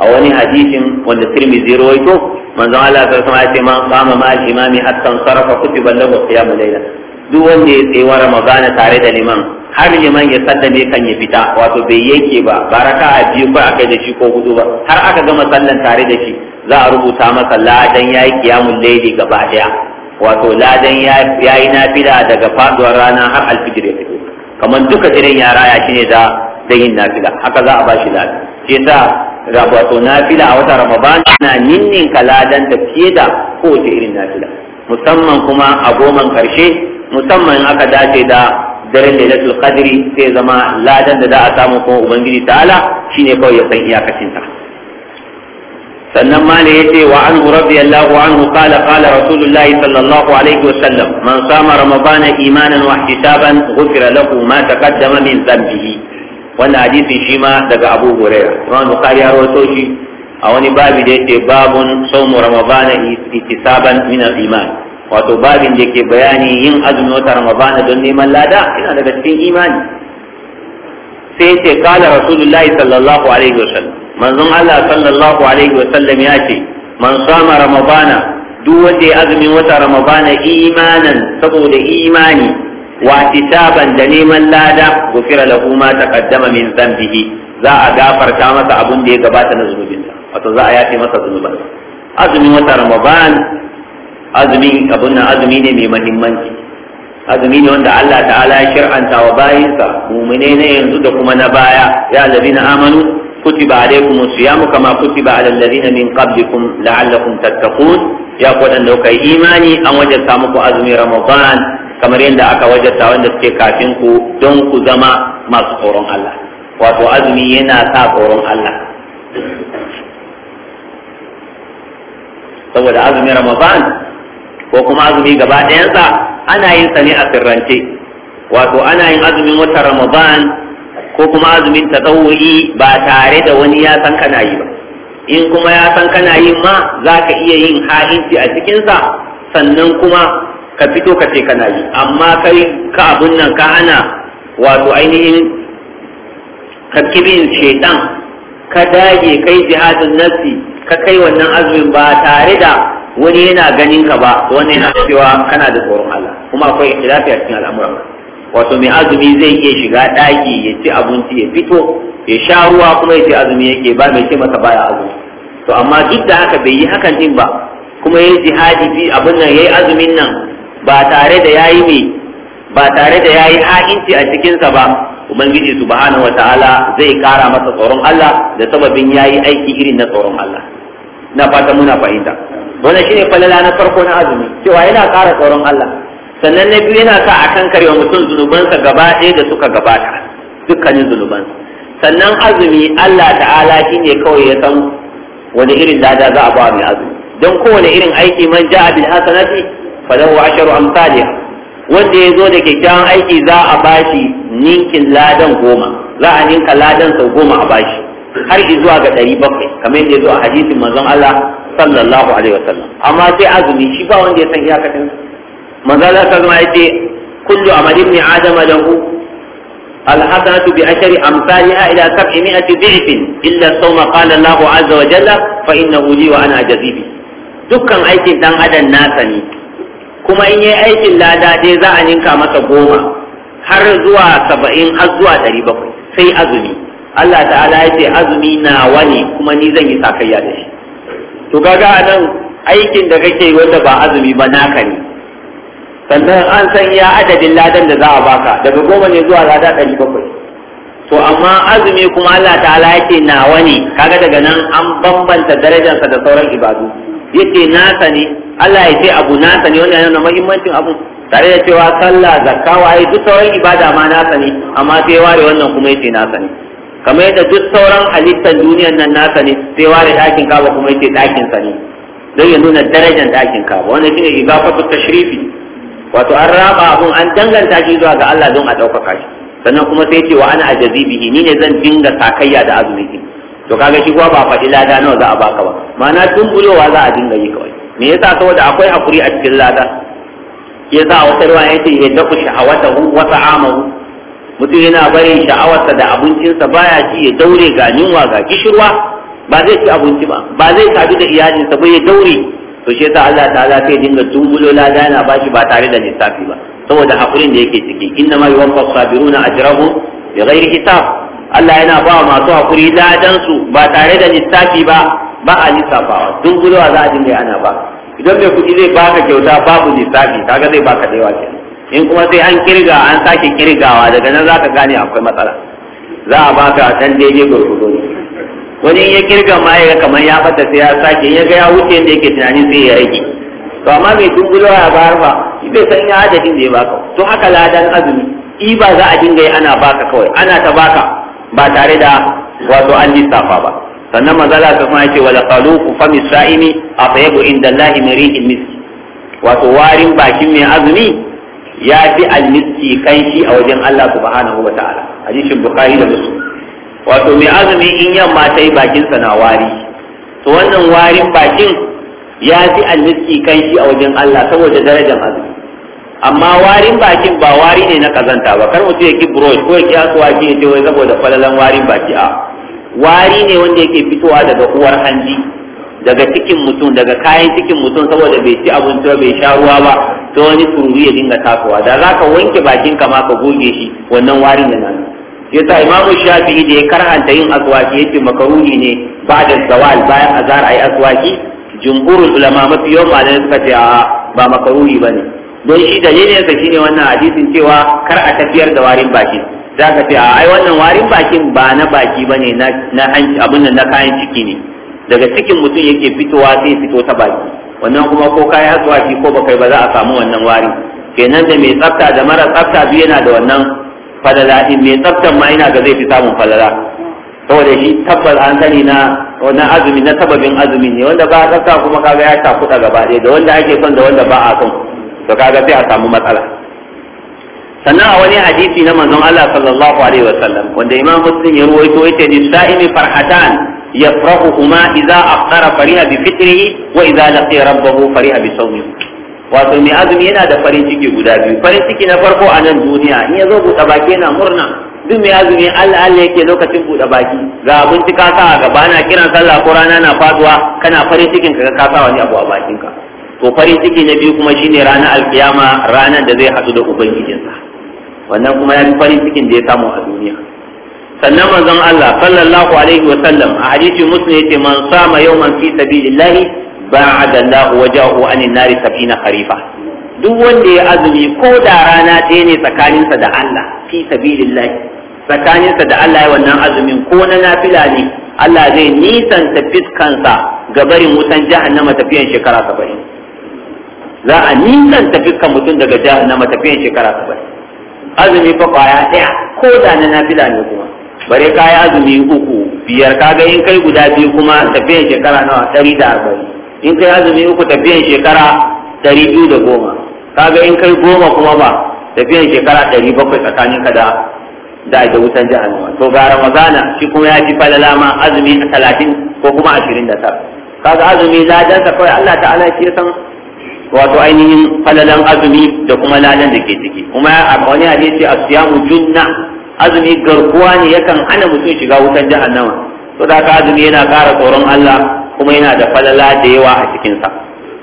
a wani hadisin wanda zero rawaito manzon Allah ta sama ya ce man qama ma imami hatta sarafa kutiba lahu qiyamu duk wanda ya tsewa ramadana tare da liman har liman ya sallame kan ya fita wato bai yake ba ba raka a biyu ko kai da shi ko hudu ba har aka gama sallan tare da shi za a rubuta masa ladan ya yi kiyamun laili gaba daya wato ladan ya yi nafila daga faduwar rana har alfijir ya fito kamar duka jiran ya raya shi ne da da yin nafila haka za a ba shi ladan Ke sa ga wato nafila a wata ramadan na ninninka ladan ta fiye da kowace irin nafila musamman kuma a goman karshe musamman aka dace da daren lailatul qadri sai zama ladan da za a samu kuma ubangiji ta'ala shine kawai ya san iyakacinta sannan ma ne yace wa anhu radiyallahu anhu qala qala rasulullahi sallallahu alaihi wa sallam man sama ramadana imanan wa ihtisaban ghufira lahu ma taqaddama min dhanbihi wannan hadisi shi ma daga Abu Hurairah Imam Bukhari ya rawaito shi a wani babu da yace babun sawmu ramadana ihtisaban min al-iman wato babin da ke bayani yin azumin wata ramadana don neman lada ina daga cikin imani sai ce kala rasulullahi sallallahu alaihi wa wasallam manzon Allah sallallahu alaihi wasallam ya ce man sama ramadana duk wanda ya azumin wata ramadana imanan saboda imani wa kitaban da neman lada gufira lahu ma taqaddama min dhanbihi za a gafarta masa abun da ya gabata na zunubinsa wato za a yafe masa zunubansa azumin wata ramadana azumi abun nan azumi ne mai mahimmanci azumi ne wanda Allah ta'ala ya shir'anta wa bayinsa mumune ne yanzu da kuma na baya ya allazina amanu kutiba alaykum siyamu kama kutiba ala allazina min qablikum la'allakum tattaqun ya ku wadanda kuka yi imani an wajabta muku azumi ramadan kamar yadda aka wajata wanda suke kafin ku don ku zama masu tsoron Allah wato azumi yana sa tsoron Allah saboda azumin ramadan ko kuma azumi gaba ɗayansa ana yin sa ne a sirrance wato ana yin azumin wata ramadan ko kuma azumin tazawuri ba tare da wani ya san kana yi ba in kuma ya san kana yi ma za ka iya yin ha'inci a cikinsa sannan kuma ka fito ka ce kana yi amma kai ka abun nan ka ana wato ainihin kakibin shaidan ka dage kai jihadin nafsi ka kai wannan azumin ba tare da wani yana ganin ka ba wani yana cewa kana da tsoron Allah kuma akwai ikhtilafi a cikin al'amuran wato mai azumi zai iya shiga daki ya ci abinci ya fito ya sha ruwa kuma ya ce azumi yake ba mai ce masa baya azumi to amma duk da haka bai yi hakan din ba kuma yayi jihadi fi abin nan yayi azumin nan ba tare da yayi mai ba tare da yayi ha'inci a cikin sa ba ubangiji subhanahu wataala zai kara masa tsoron Allah da sababin yayi aiki irin na tsoron Allah na fata muna fahimta wannan shine falala na farko na azumi cewa yana kara tsoron Allah sannan na biyu yana sa a karewa mutum zunubansa gaba ɗaya da suka gabata dukkanin zunubansa sannan azumi Allah ta'ala ne kawai ya san wani irin lada za a ba mai azumi don kowane irin aiki man ja bil hasanati falahu asharu amsalih wanda ya zo da kyakkyawan aiki za a bashi ninkin ladan goma za a ninka ladan sau goma a bashi har zuwa ga ɗari bakwai kamar yadda ya zo a hadisin manzon Allah sallallahu alaihi wasallam amma sai azumi shi ba wanda ya san iyakacin manzo Allah sallallahu alaihi wasallam yace kullu amali ibn adam lahu الحسنة بعشر أمثالها إلى سبعمائة ضعف إلا الصوم قال الله عز وجل فإنه لي وأنا أجزي به dukkan aikin dan adam nasa ne kuma in yi aikin lada dai za a ninka masa goma har zuwa saba'in har zuwa ɗari bakwai sai azumi Allah ta'ala ya ce azumi na wani kuma ni zan yi sakayya da shi to ga nan aikin da kake wanda ba azumi ba naka ne sannan an san ya adadin ladan da za a baka daga goma ne zuwa lada ɗari bakwai to amma azumi kuma Allah ta'ala yake nawa ne kaga daga nan an bambanta darajarsa da sauran ibadu yake nasa ne Allah ya ce abu nasa ne wanda yana muhimmancin abu tare da cewa sallah zakka waye duk sauran ibada ma nasa ne amma sai ware wannan kuma yake nasa ne kamar yadda duk sauran halittar duniyar nan nasa ne sai ware ɗakin kaba kuma yake ɗakin sa ne don ya nuna darajar ɗakin kaba wannan shine idafatu tashrifi wato an raba abun an danganta shi zuwa ga Allah don a ɗaukaka shi sannan kuma sai ce wa ana ajazi bihi ni ne zan dinga sakayya da azumi to kaga shi kuwa ba faɗi lada nawa za a baka ba ma'ana tumbulowa za a dinga yi kawai me yasa saboda akwai hakuri a cikin lada yasa a wata ruwa ya ya daku shahawatahu wa ta'amahu mutum yana bari sha'awarsa da abincinsa baya ci ya daure ga yunwa ga kishirwa ba zai ci abinci ba ba zai sadu da iyalinsa ba ya daure to shi yasa Allah ta'ala sai dinga tumbulo lada yana shi ba tare da lissafi ba saboda hakurin da yake ciki inna ma yuwaffa sabiruna ajrahu bi ghairi hisab Allah yana ba masu hakuri ladan su ba tare da lissafi ba ba a lissafawa tumbulo za a dinga ana ba idan mai kuɗi zai baka kyauta babu lissafi kaga zai baka da yawa kenan in kuma sai an kirga an sake kirgawa daga nan za ka gane akwai matsala za a ba ka san daidai gurgudu ne wani ya kirga ma ya kamar ya bata sai ya sake ya ga ya wuce da yake tunanin sai ya rage to amma mai dungulo ya ba ba shi bai san ya adadin da ya baka to haka ladan azumi i ba za a dinga yi ana baka kawai ana ta baka ba tare da wato an lissafa ba sannan mazala ta kuma yake wala qalu ku fa misra'imi afayabu inda Allah min wato warin bakin mai azumi ya fi almiski kanshi a wajen Allah subhanahu wa ta'ala hadisin bukhari da musu wato mai azumi in yamma ta yi bakinsa na wari to wannan warin bakin ya fi almiski kanshi a wajen Allah saboda darajar azumi amma warin bakin ba wari ne na kazanta ba kar mutum ya ki brush ko ya ki asuwa ki ya ce wai saboda falalan warin baki a wari ne wanda yake fitowa daga uwar hanji daga cikin mutum daga kayan cikin mutum saboda bai ci abinci ba bai sha ruwa ba to wani turu ya dinga tasowa da za ka wanke bakin ka ma ka goge shi wannan warin da nan yasa imamu shafi'i da ya karanta yin aswaki yace makaruni ne ba da zawal bayan azhar ayi aswaki jumhur ulama mafi yawan malamai suka ce a ba makaruni bane don shi dalilin sa shine wannan hadisin cewa kar a tafiyar da warin baki za ka ce a ai wannan warin bakin ba na baki bane na abin nan na kayan ciki ne daga cikin mutum yake fitowa zai fito ta baki wannan kuma ko kai shi ko bakai ba za a samu wannan wari kenan da mai tsafta da mara tsafta biyu yana da wannan falala din mai tsaftan ma yana ga zai fi samun falala saboda shi tabbar an sani na wannan azumi na sababin azumi ne wanda ba a tsafta kuma kaga ya ta kuɗa gaba ɗaya da wanda ake son da wanda ba a son to kaga sai a samu matsala sannan a wani hadisi na manzon Allah sallallahu alaihi wasallam wanda Imam Muslim ya ruwaito yace lissa'imi farhatan yafrahuhuma idza aqara fariha bi fitrihi wa idza laqi rabbahu fariha bi sawmihi wato mai azumi yana da farin ciki guda biyu farin ciki na farko a nan duniya in ya zo baki yana murna duk mai azumi Allah Allah yake lokacin buɗe baki ga abinci ka sa a gaba na kiran sallah ko rana na faduwa kana farin cikin ka ka sa wani abu a bakinka to farin ciki na biyu kuma shine ranar alkiyama ranar da zai haɗu da ubangijinsa wannan kuma ya fi farin cikin da ya samu a duniya sannan manzon Allah sallallahu alaihi wa sallam a hadisi muslim yace man sama yawman fi sabilillah ba'ada Allah wajahu anin nari sab'ina kharifa duk wanda ya azumi ko da rana ɗaya ne tsakaninsa da Allah fi sabilillah tsakaninsa da Allah ya wannan azumin ko na nafila ne Allah zai nisanta fiskansa ga barin wutan jahannama tafiyan shekara saba'in za a nisanta fiskan mutum daga jahannama tafiyan shekara saba'in azumi fa kwaya ɗaya ko da na nafila ne kuma bare ka yi azumi uku biyar ka ga in kai guda biyu kuma tafiyan shekara nawa ɗari da arba'in in kai azumi uku tafiyan shekara ɗari biyu da goma ka ga in kai goma kuma ba tafiyan shekara ɗari bakwai tsakanin ka da da da wutan jahannama to ga ramadana shi kuma ya fi falala ma azumi talatin ko kuma ashirin da tara ga azumi ladansa kawai Allah ta'ala shi ya san wato ainihin falalan azumi da kuma ladan da ke ciki kuma a wani hadisi siyamu junna azumi garkuwa ne yakan hana mutu shiga wutan jahannama to da ka azumi yana kara tsoron Allah kuma yana da falala da yawa a cikinsa.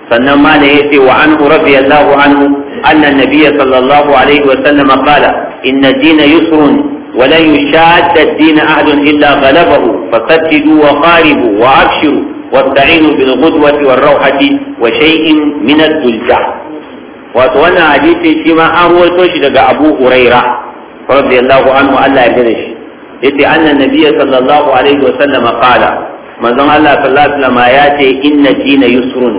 sannan ma ne yace wa anhu radiyallahu anhu anna nabiy sallallahu alaihi wa sallam qala inna dina yusrun wa la yushadda dina ahad illa ghalabahu fasaddidu wa qaribu wa abshiru wasta'inu bil qudwati war rawhati wa shay'in min ad-dulja wato wannan hadisi shi ma an shi daga Abu Hurairah radiyallahu anhu Allah ya gare shi yace annan nabiyyi sallallahu alaihi wa sallam qala manzon Allah sallallahu alaihi wa ya ce inna dina yusrun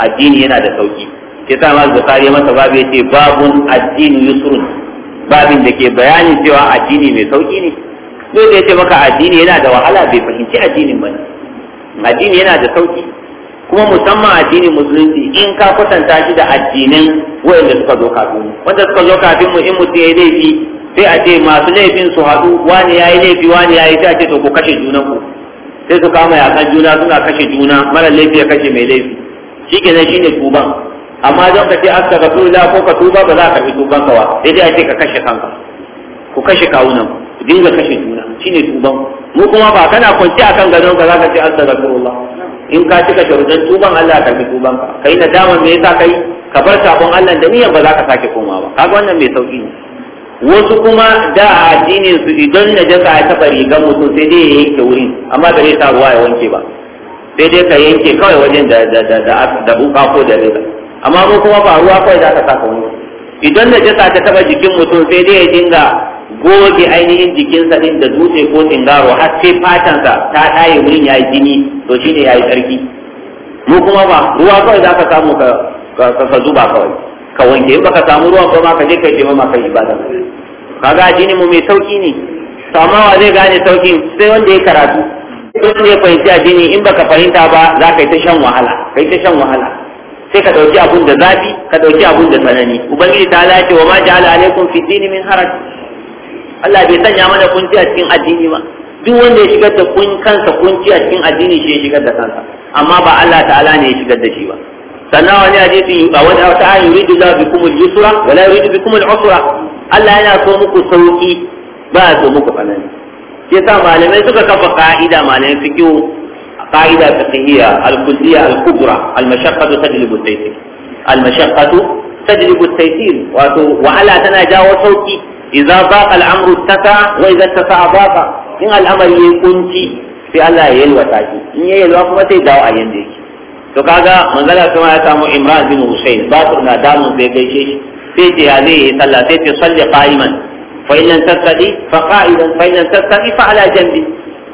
addini yana da sauki ke ta mal bukhari masa babu yace babun addini yusrun babin da ke bayani cewa addini mai sauki ne dole da yace maka addini yana da wahala bai fahimci addinin ba addini yana da sauki kuma musamman addinin musulunci in ka kwatanta shi da addinin wayanda suka zo kafin mu wanda suka zo kafin mu in mutum ya laifi sai a ce masu laifin su haɗu wani ya yi laifi wani ya yi sai a ce to ku kashe junan ku sai su kama yakan juna suna kashe juna mara laifi ya kashe mai laifi shi shi shine tuban amma don ka ce aska ka tula ko ka tuba ba za ka fi tuban ka ba sai dai a ce ka kashe kanka ku kashe kawunan ku dinga kashe juna Shi ne tuban mu kuma ba kana kwanci kan gadon ka za ka ce astaghfirullah in ka cika sharuɗan tuban Allah ka fi tuban ka kai nadaman me yasa kai ka bar sabon Allah da niyyar ba za ka sake komawa. ba kaga wannan mai sauki ne wasu kuma da a addinin su idan najasa ya taɓa rigar mutum sai dai ya yanke wurin amma ba zai sa ruwa ya wanke ba sai dai ka yanke kawai wajen da da da da buka ko da riga amma mu kuma ba ruwa kawai za ka ka wanke idan jasa ta taɓa jikin mutum sai dai ya dinga goge ainihin jikinsa din da dutse ko tsingaro har sai fatansa ta ɗaye wurin ya yi jini to shine ya yi tsarki mu kuma ba ruwa kawai za ka samu ka zuba kawai ka wanke ba ka samu ruwan ba ka je ka je ma kai ibada kaga addini mu mai sauki ne to amma wa zai gane sauki sai wanda ya karatu sai wanda ya fahimci addini in baka fahimta ba za ka yi ta shan wahala yi ta shan wahala sai ka dauki abun da zafi ka dauki abun da tsanani ubangiji ta lace ce wa ma ja'ala alaikum fi dini min haraj Allah bai sanya mana kunci a cikin addini ba duk wanda ya shigar da kun kansa kunci a cikin addini shi ya shigar da kansa amma ba Allah ta'ala ne ya shigar da shi ba sannan wani hadisi a wani wata ayin yuridu la bikum al-yusra wa yuridu bikum al-usra Allah yana so muku sauki ba ya so muku tsanani Ke sa malamai suka kafa ka'ida malamai fiqh ka'ida fiqhiyya al-kulliyya al-kubra al-mashaqqatu tajlibu at-taysir al-mashaqqatu tajlibu taysir wato wahala tana jawo sauki idza baqa al-amru tasa wa idza tasa baqa in al-amri kunci sai Allah ya yalwata shi in ya yalwa kuma sai dawo a yanda to kaga manzala kuma ya samu imran bin husayn su na damun sai gaishe shi sai ce ya zai yi sallah sai ce salli qa'iman fa in lam tastadi fa qa'idan fa in lam tastadi fa ala janbi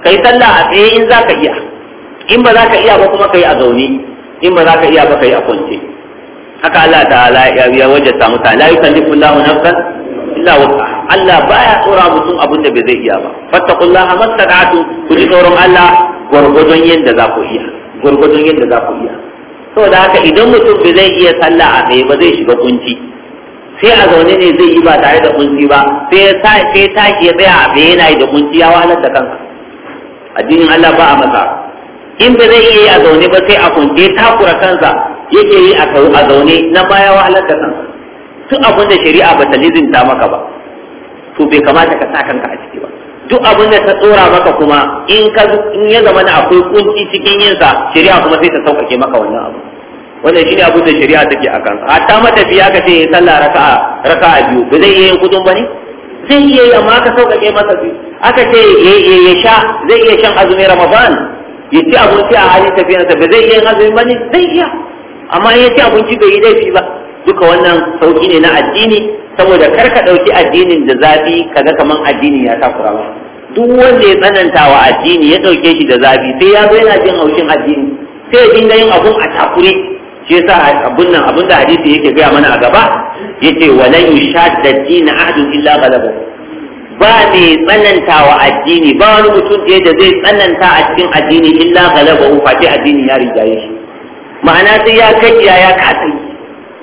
kai sallah a tsaye in zaka iya in ba zaka iya ba kuma kai a zaune in ba zaka iya ba kai a kwance haka Allah ta'ala ya ya wajata mutane la yukallifu Allahu nafsan illa wusa Allah baya tsora mutum abin da bai zai iya ba fattaqullaha mastata'tu ku ji tsoron Allah gwargwadon yadda za ku iya gwargwadon yadda za ku iya saboda haka idan mutum bai zai iya sallah a tsaye ba zai shiga kunci sai a zaune ne zai yi ba tare da kunci ba sai ya sai tashi ya tsaya a tsaye yana yi da kunci ya wahalar da kanka addinin Allah ba a masa in ba zai iya yi a zaune ba sai a kunce takura kansa yake yi a zaune na baya wahalar da kansa tun abin da shari'a ba ta maka ba to bai kamata ka sa kanka a ciki duk abin da ta tsora maka kuma in ka in ya zama na akwai kunci cikin yin sa shari'a kuma sai ta sauƙaƙe maka wannan abu wannan shine abin da shari'a take a kansa hatta matafiya ka ce sallah raka'a raka'a biyu ba zai iya yin kudin bane zai iya yi amma ka sauƙaƙe masa biyu aka ce ya sha zai iya shan azumin ramadan ya ci abinci a halin tafiyar ba zai iya yin azumi bane zai iya amma ya ci abinci bai yi laifi ba duka wannan sauƙi ne na addini saboda kar ka ɗauki addinin da zafi kaga kaman addini ya takura masa duk wanda ya tsananta wa addini ya ɗauke shi da zafi sai ya zo yana jin haushin addini sai ya dinga yin abun a takure shi yasa abun nan abun da hadisi yake gaya mana a gaba yace walan yushadda din ahadun illa ghalaba ba mai tsananta wa addini ba wani mutum da da zai tsananta a cikin addini illa galaba ko fati addini ya rigaye shi ma'ana sai ya kajiya ya kasai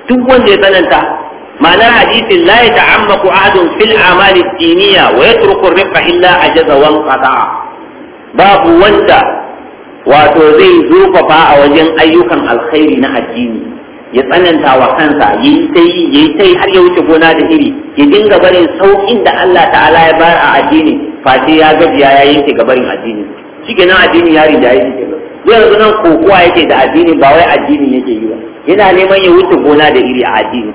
duk wanda ya tsananta ma'anar hadisin la ya ta'ammaku ahadun fil amali diniya wa yatruku rifqa illa ajaza wan qata'a babu wanda wato zai zurfafa a wajen ayyukan alkhairi na addini ya tsanantawa kansa ya yi sai ya yi har ya wuce gona da iri ya dinga barin saukin da Allah ta'ala ya bayar a addini face ya gajiya ya yanke ga barin addini shike nan addini ya rinda ya yake zai yanzu nan kokowa yake da addini ba wai addini yake yi ba yana neman ya wuce gona da iri a addini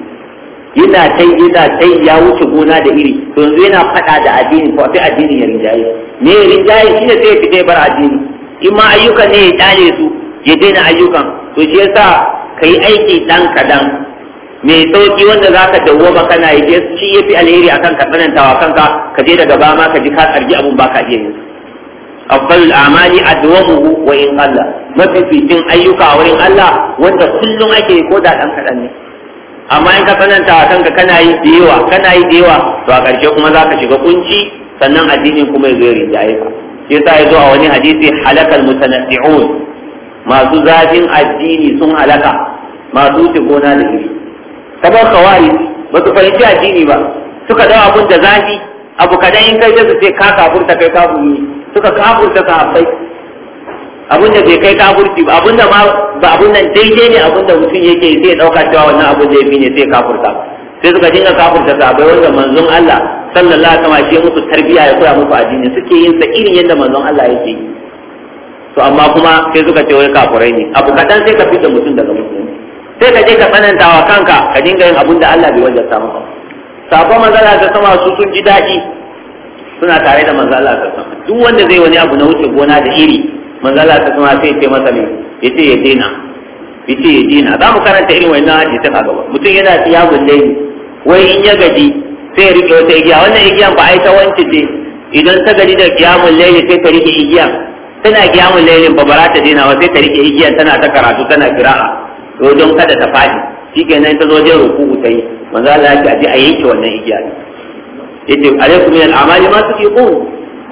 yana tai yana tai ya wuce gona da iri to yanzu yana faɗa da addini ko fi addini ya rinjaye ne rinjaye shi ne sai fita bar addini in ma ayyukan ne ya dale su ya daina ayyukan to shi yasa kai aiki dan kadan mai sauki wanda zaka ka ba kana yi je shi ya fi alheri akan ka tsanantawa kanka ka je daga ba ma ka ji ka karbi abun ba ka iya ne afdalul amali adwamuhu wa in qalla mafificin ayyuka wurin Allah wanda kullum ake ko da dan kadan ne amma in ka sananta a kanka kana yi da yawa kana yi da yawa to a ƙarshe kuma za ka shiga kunci sannan addinin kuma ya zo ya rinjaye ka shi yasa ya zo a wani hadisi halakal mutanaddi'un masu zafin addini sun halaka masu wuce gona da iri kamar kawai ba su fahimci addini ba suka dawa abun da zafi abu kadan in kai su sai ka kafurta kai kafuri suka kafurta sahabbai Abun da bai kai kafurci ba abun da ba abun nan daidai ne abun da mutum yake sai ya dauka cewa wannan abun da yafi ne sai kafurta sai suka dinga kafurta bai wanda manzon Allah sallallahu alaihi wasallam ya muku tarbiya ya koya muku addini suke yin sa irin yadda manzon Allah yake yi to amma kuma sai suka ce wai kafurai ne abu kadan sai ka fita mutum daga musulunci sai ka je ka tsananta wa kanka ka dinga yin abun da Allah bai ta maka sabon manzala ta sama su sun ji daɗi suna tare da manzala ta sama duk wanda zai wani abu na wuce gona da iri manzala ta kuma sai ce masa ne yace ya dina yace ya dina za mu karanta irin wannan aji ta gaba mutum yana siyamun ni wai in ya gaji sai ya rike wata igiya wannan igiyan ba ai ta wance ce idan ta gaji da kiyamun layli sai ta rike igiyan tana kiyamun layli ba bara ta dina ba sai ta rike igiyan tana ta karatu tana kira'a to don kada ta fadi shikenan ta zo je ruku ta yi Manzala Allah ya ce a yanke wannan igiya yace alaikum min al'amali amali ma tuqiqun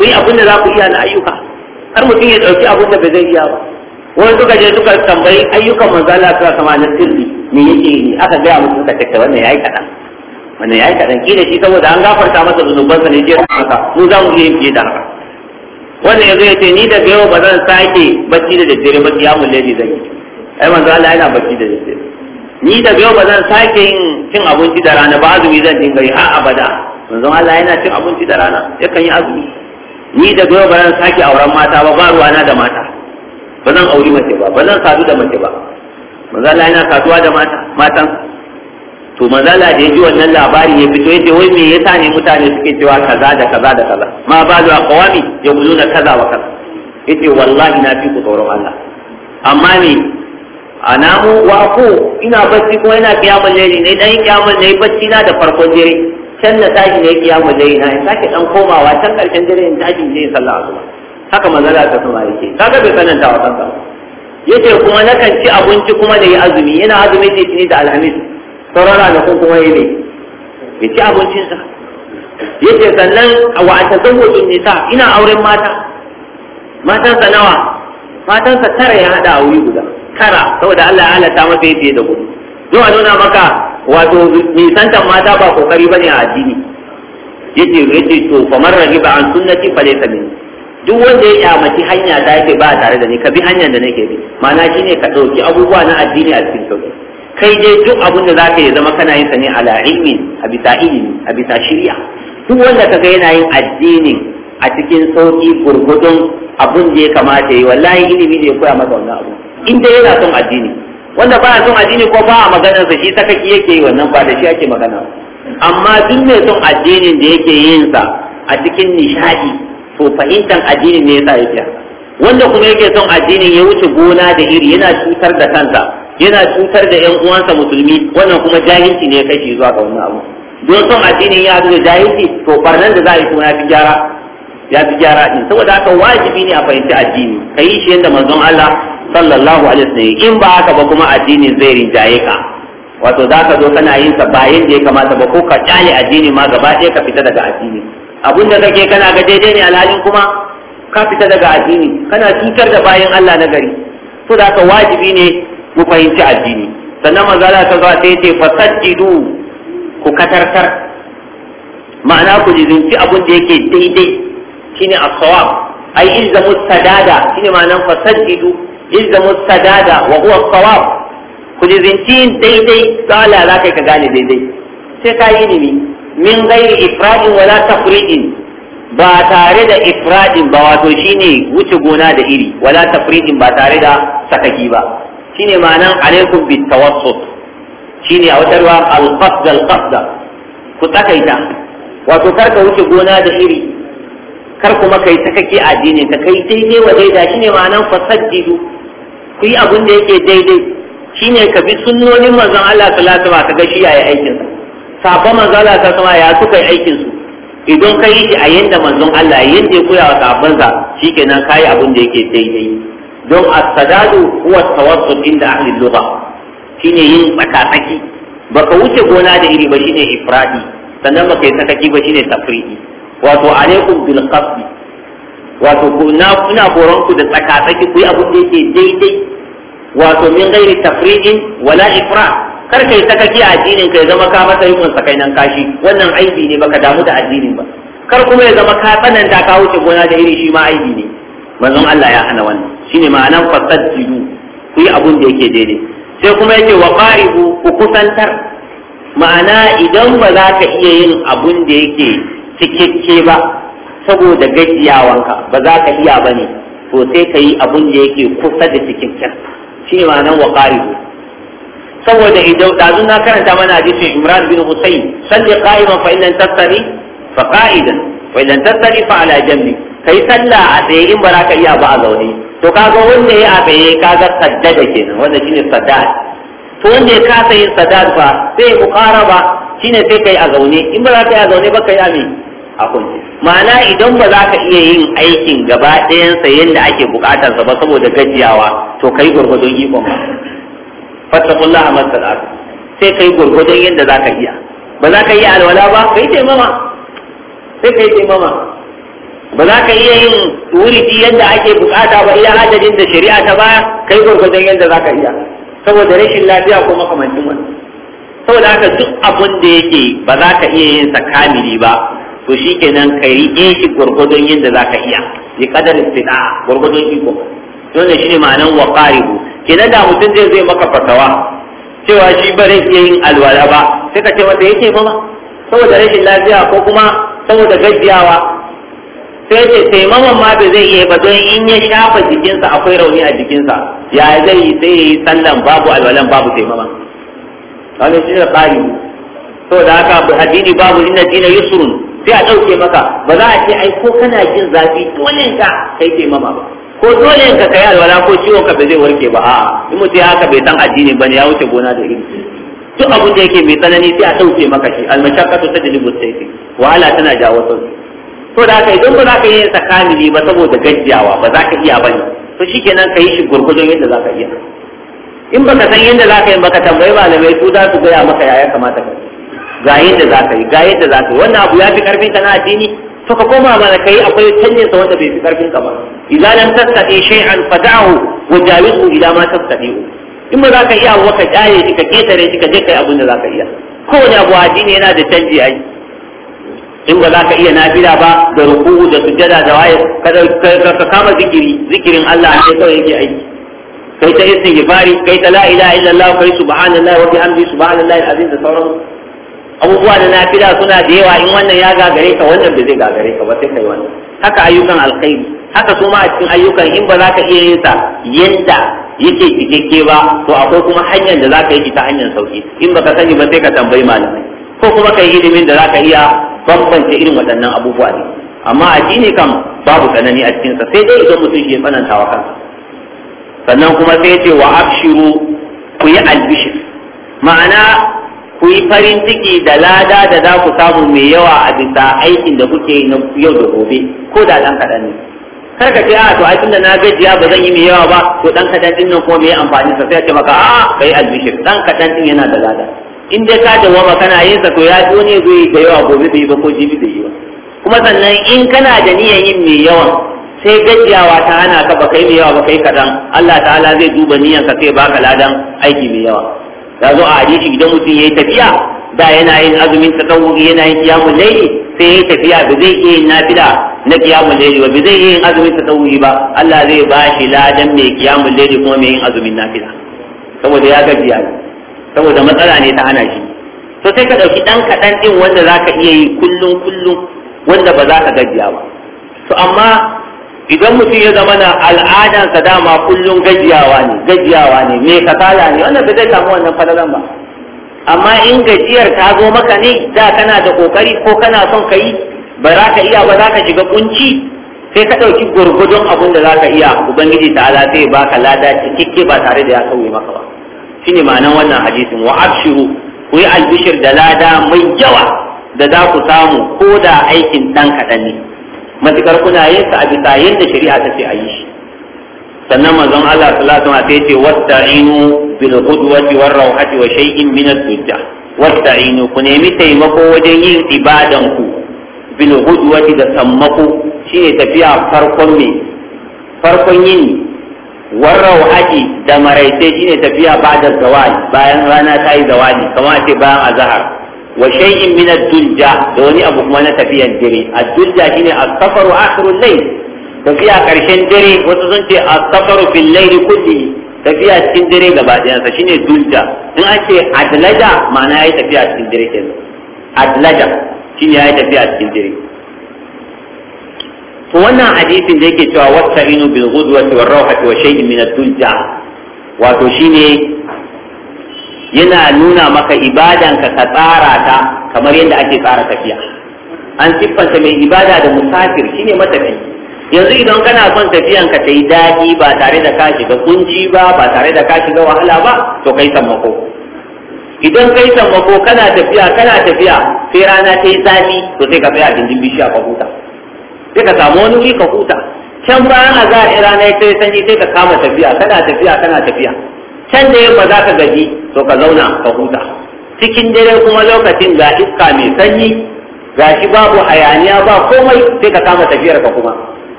ku yi abin da za ku iya na ayyuka har mutum ya ɗauki abin da bai zai iya ba wani suka je suka tambayi ayyukan manzo Allah suka kama na sirri me yake yi aka gaya musu suka tattauna wannan yayi kaɗan wannan yayi kaɗan da shi saboda an gafarta masa sa ne je haka mu za mu iya yin fiye da haka yanzu ya ce ni da yau ba zan sake bacci da daddare ba ya mun laifi zan yi ai manzo Allah yana bacci da daddare ni da yau ba zan sake yin cin abinci da rana ba azumi zan dinga yi ba abada manzo Allah yana cin abinci da rana yakan yi azumi ni da gobe ba zan sake auren mata ba ba ruwana da mata ba zan auri mace ba ba zan sadu da mace ba manzo Allah yana saduwa da mata matan to manzo Allah da yaji wannan labari ya fito yace wai me yasa ne mutane suke cewa kaza da kaza da kaza ma ba, balu aqwami na kaza wa kaza yace wallahi na fi ku tsoron Allah amma ne mu wa ku ina bacci kuma ina kiyamul layli ne dan kiyamul ne bacci na da farkon dare can na tashi ne mu dai na sake dan komawa can karshen dare in tashi ne sallah azuma haka manzala ta kuma yake kaga bai sananta wa kanka yace kuma na kan ci abinci kuma da yi azumi yana ne tuni da alhamis sauran ranakun kuma yi ne ya ci abincinsa yace sannan a wa zango tun nisa ina auren mata matansa nawa matansa tara ya hada a wuri guda tara saboda Allah ya halatta masa yadda da dago zo a nuna maka wato nisantan mata ba kokari bane a addini yace yace to kamar Ba an sunnati fa laysa min duk wanda ya kyamaci hanya da yake ba tare da ni ka bi hanyar da nake bi ma'ana shine ka dauki abubuwa na addini a cikin sauki kai dai duk abin da zaka yi zama kana yin sa ne ala ilmi a bisa ilmi a bisa shari'a duk wanda ka ga yana yin addini a cikin sauki gurgudun abin da ya kamata yi wallahi ilimi ne ya koya masa wannan abu in dai yana son addini wanda ba son addini ko ba a maganar sa shi ki yake yi wannan ba da shi ake magana amma duk mai son addinin da yake yin sa a cikin nishadi to fahimtar addinin ne yasa yake wanda kuma yake son addinin ya wuce gona da iri yana cutar da kansa yana cutar da yan uwansa musulmi wannan kuma jahilci ne ya shi zuwa ga wannan abu don son addinin ya zo da jahilci to barnan da za a yi kuma fi gyara ya fi gyara din saboda haka wajibi ne a fahimci addini ka yi shi yadda manzon Allah sallallahu alaihi wasallam in ba haka ba kuma addini zai rinjaye ka wato za ka zo kana yin sa ba da ya kamata ba ko ka kyale addini ma gaba ɗaya ka fita daga addini Abun da kake kana ga daidai ne alhalin kuma ka fita daga addini kana cutar da bayan Allah na gari to da ka wajibi ne mu fahimci addini sannan manzala ta zuwa sai ce fasaddidu ku katarkar ma'ana ku lizinci abun da yake daidai shine as-sawab ai ilzamu mutadada shine ma'anan fasaddidu ilzamu mustadada wa huwa sawab ku jizinci daidai tsala za kai ka gane daidai sai ka yi ilimi min gairi ifradin wala tafridin ba tare da ifradin ba wato shine wuce gona da iri wala tafridin ba tare da sakaki ba shine ma'anan alaikum bit tawassut shine a wata ruwa al-qasd al-qasd ku tsakaita wato kar ka wuce gona da iri kar kuma kai sakaki addinin ka kai daidai wa daida shine ma'anan fasaddidu ku yi abin da yake daidai shine ka bi sunnonin manzon Allah sallallahu alaihi ka ga shi yayi aikin sa sabon manzon Allah sallallahu alaihi ya suka yi aikin su idan ka yi shi a yanda manzon Allah yanda ya koya wa sabon sa shikenan kai abin da yake daidai don as-sadadu huwa at-tawassul inda ahli al-lugha shine yin tsakatsaki baka wuce gona da iri ba shine ifradi sannan baka yi sakaki ba shine tafridi wato alaikum bil qasdi wato ku na kuna horon ku da tsakatsaki ku yi abin da yake daidai wato min gairi tafrijin wala ifra kar kai sakaki addinin kai zama ka masa yukun sakainan kashi wannan aibi ne baka damu da addinin ba kar kuma ya zama ka tsananta ka wuce gona da iri shi ma aibi ne manzon Allah ya hana wannan shine ma'anan fasaddu ku yi abun da yake daidai sai kuma yake wa qaribu ku kusantar ma'ana idan ba za ka iya yin abun da yake cikakke ba saboda gajiyawanka ba za ka iya bane to sai ka yi abun da yake kusa da cikakken shi ne ma'anan wa qaribu saboda idan dazun na karanta mana hadisi Imran bin Husayn salli qa'iman fa idan tattari fa qa'idan wa idan tattari fa ala jambi kai sallah a tsaye in ba za ka iya ba a zaune to kaga wanda ya a tsaye kaga saddada kenan wanda shine saddad to wanda ya kasa yin saddad ba sai muqaraba shine sai kai a zaune in ba za ka yi a zaune ba yi a me a kunce ma'ana idan ba za ka iya yin aikin gaba sayen da ake buƙatarsa ba saboda gajiyawa to kai gurgudun ikon ba fattakullah a masala sai kai gurgudun yadda za ka iya ba za ka iya alwala ba kai taimama sai kai taimama ba za ka iya yin wuridi yadda ake bukata ba iya adadin da shari'a ta ba kai gurgudun yadda za ka iya saboda rashin lafiya ko makamancin wani saboda haka duk abun da yake ba za ka iya yin sa kamili ba to shikenan ka rike shi gurgudun yadda ka iya bi kadar istida gwargwadon iko to ne shine ma'anan wa qaribu kenan da mutum zai zai maka fatawa cewa shi ba zai iya yin alwala ba sai ka ce wanda yake ba saboda rashin lafiya ko kuma saboda gajiyawa sai ce taimaman ma ba zai iya ba don in ya shafa jikinsa akwai rauni a jikinsa ya zai yi sai ya yi sallan babu alwalan babu taimaman wani shi ne qaribu saboda haka addini babu inna dina yusrun sai a ɗauke maka ba za a ce ai ko kana jin zafi dole ka kai ke mama ba ko dole ka kai alwala ko ciwon ka ba zai warke ba a'a in mutum haka bai san addini ba ne ya wuce gona da iri to abu da yake mai tsanani sai a ɗauke maka shi almashakatu ta jilibu sai wahala tana jawo sauki to da haka idan ba za ka yi sa kamili ba saboda gajiyawa ba za ka iya ba ne to shikenan ka yi shi gurgudun yadda za ka iya in baka san yadda za ka yi baka tambayi malamai su za su gaya maka yaya kamata ka yi ga yadda za ka yi ga yadda za ka yi wannan abu ya fi karfin ka na addini to ka koma mana kai akwai canje sa wanda bai fi karfin ka ba idan lam tastati shay'an fad'ahu wa jawizhu ila ma tastati'u in ba za ka iya abu ka jaye shi ka ketare shi ka je kai abin da za ka iya kowane abu addini yana da canji ai in ba za ka iya nafila ba da ruku'u da sujjada da waye ka kama zikiri zikirin Allah ne kawai yake aiki kai ta istighfari kai ta la ilaha illallah kai subhanallahi wa bihamdihi subhanallahi alazim da sauransu abubuwa da na nafila suna da yawa in wannan ya gagare ka wannan bai zai gagare ka ba sai kai wannan haka ayyukan alkhairi haka kuma a cikin ayyukan in ba za ka iya yin sa yanda yake cikakke ba to akwai kuma hanyar da za ka yi ta hanyar sauki in ba ka sani ba sai ka tambayi malamai ko kuma ka yi ilimin da za ka iya bambance irin waɗannan abubuwa ne amma a addini kam babu tsanani a cikinsa sai dai idan mutum shi ya tsananta kansa sannan kuma sai ce wa abshiru ku yi albishir ma'ana ku yi farin ciki da lada da za ku samu mai yawa a bisa aikin da kuke na yau da gobe ko da dan kaɗan ne kar ka ce a ah, to aikin da na gajiya ba zan yi mai yawa ba to dan kaɗan din nan ko me amfani sa sai ce maka a ah, kai albishir dan kaɗan din yana da lada in dai ka dawama kana yin sa to ya ci wani zai da yawa gobe bai ba ko jibi bai yi ba kuma sannan in kana da niyyar yin mai yawan sai gajiyawa ta hana ka ba kai mai yawa ba kai kaɗan Allah ta'ala zai duba niyyar ka sai baka ladan aiki mai yawa ya zo a hadisi idan mutum ya yi tafiya da yana yin azumin tasawuri yana yin kiyamun laili sai ya yi tafiya ba zai iya yin nafila na kiyamun laili ba ba zai iya yin azumin tasawuri ba Allah zai ba shi ladan mai kiyamun laili kuma mai yin azumin nafila saboda ya gajiya saboda matsala ne ta hana shi to sai ka ɗauki ɗan kaɗan ɗin wanda za ka iya yi kullum kullum wanda ba za ka gajiya ba to amma idan mutum ya zama na al'adansa dama kullum gajiyawa ne gajiyawa ne me kasala ne wannan ba zai samu wannan falalan ba amma in gajiyar ta zo maka ne da kana da kokari ko kana son ka yi ba za ka iya ba za ka shiga kunci sai ka ɗauki gurgudun abin da za ka iya ubangiji ta ala sai baka lada cikakke ba tare da ya sauye maka ba shine ma'anan wannan hadisin wa abshiru ku yi albishir da lada mai yawa da za ku samu ko da aikin ɗan kaɗan ne matukar kuna yin sa a bisa yadda shari'a ta ce a yi shi sannan mazan Allah sallallahu alaihi wasallam ce wasta'inu bil qudwati war rawhati wa shay'in min ad-dujja wasta'inu ku nemi taimako wajen yin ibadan ku bil qudwati da sammako shine tafiya farkon ne farkon yini war rawhati da maraice shine tafiya ba da zawali bayan rana ta yi zawali kamar ce bayan azhar wa shay'in min ad da wani abu kuma na tafiyan dare ad-dulja shine as-safaru akhirul layl tafiya karshen dare wasu sun ce as-safaru fil layl kulli tafiya cikin dare gaba sa shine dulja in an ce adlaja ma'ana yayi tafiya cikin dare kenan adlaja shine tafiya cikin dare to wannan hadisin da yake cewa wasta'inu bil ghudwati wa shay'in yana nuna maka ibadanka ka tsara ta kamar yadda ake tsara tafiya an siffanta mai ibada da musafir shine matafi yanzu idan kana son tafiyan ka ta yi daɗi ba tare da ka shiga kunci ba ba tare da ka shiga wahala ba to kai sammako idan kai sammako kana tafiya kana tafiya sai rana ta yi zafi to sai ka tsaya dindin bishiya ka huta sai ka samu wani wuri ka huta can bayan a za a rana ya yi sanyi sai ka kama tafiya kana tafiya kana tafiya can da ba za ka gaji to ka zauna ka huta cikin dare kuma lokacin ga iska mai sanyi gashi babu hayaniya ba komai sai ka kama tafiyar ka kuma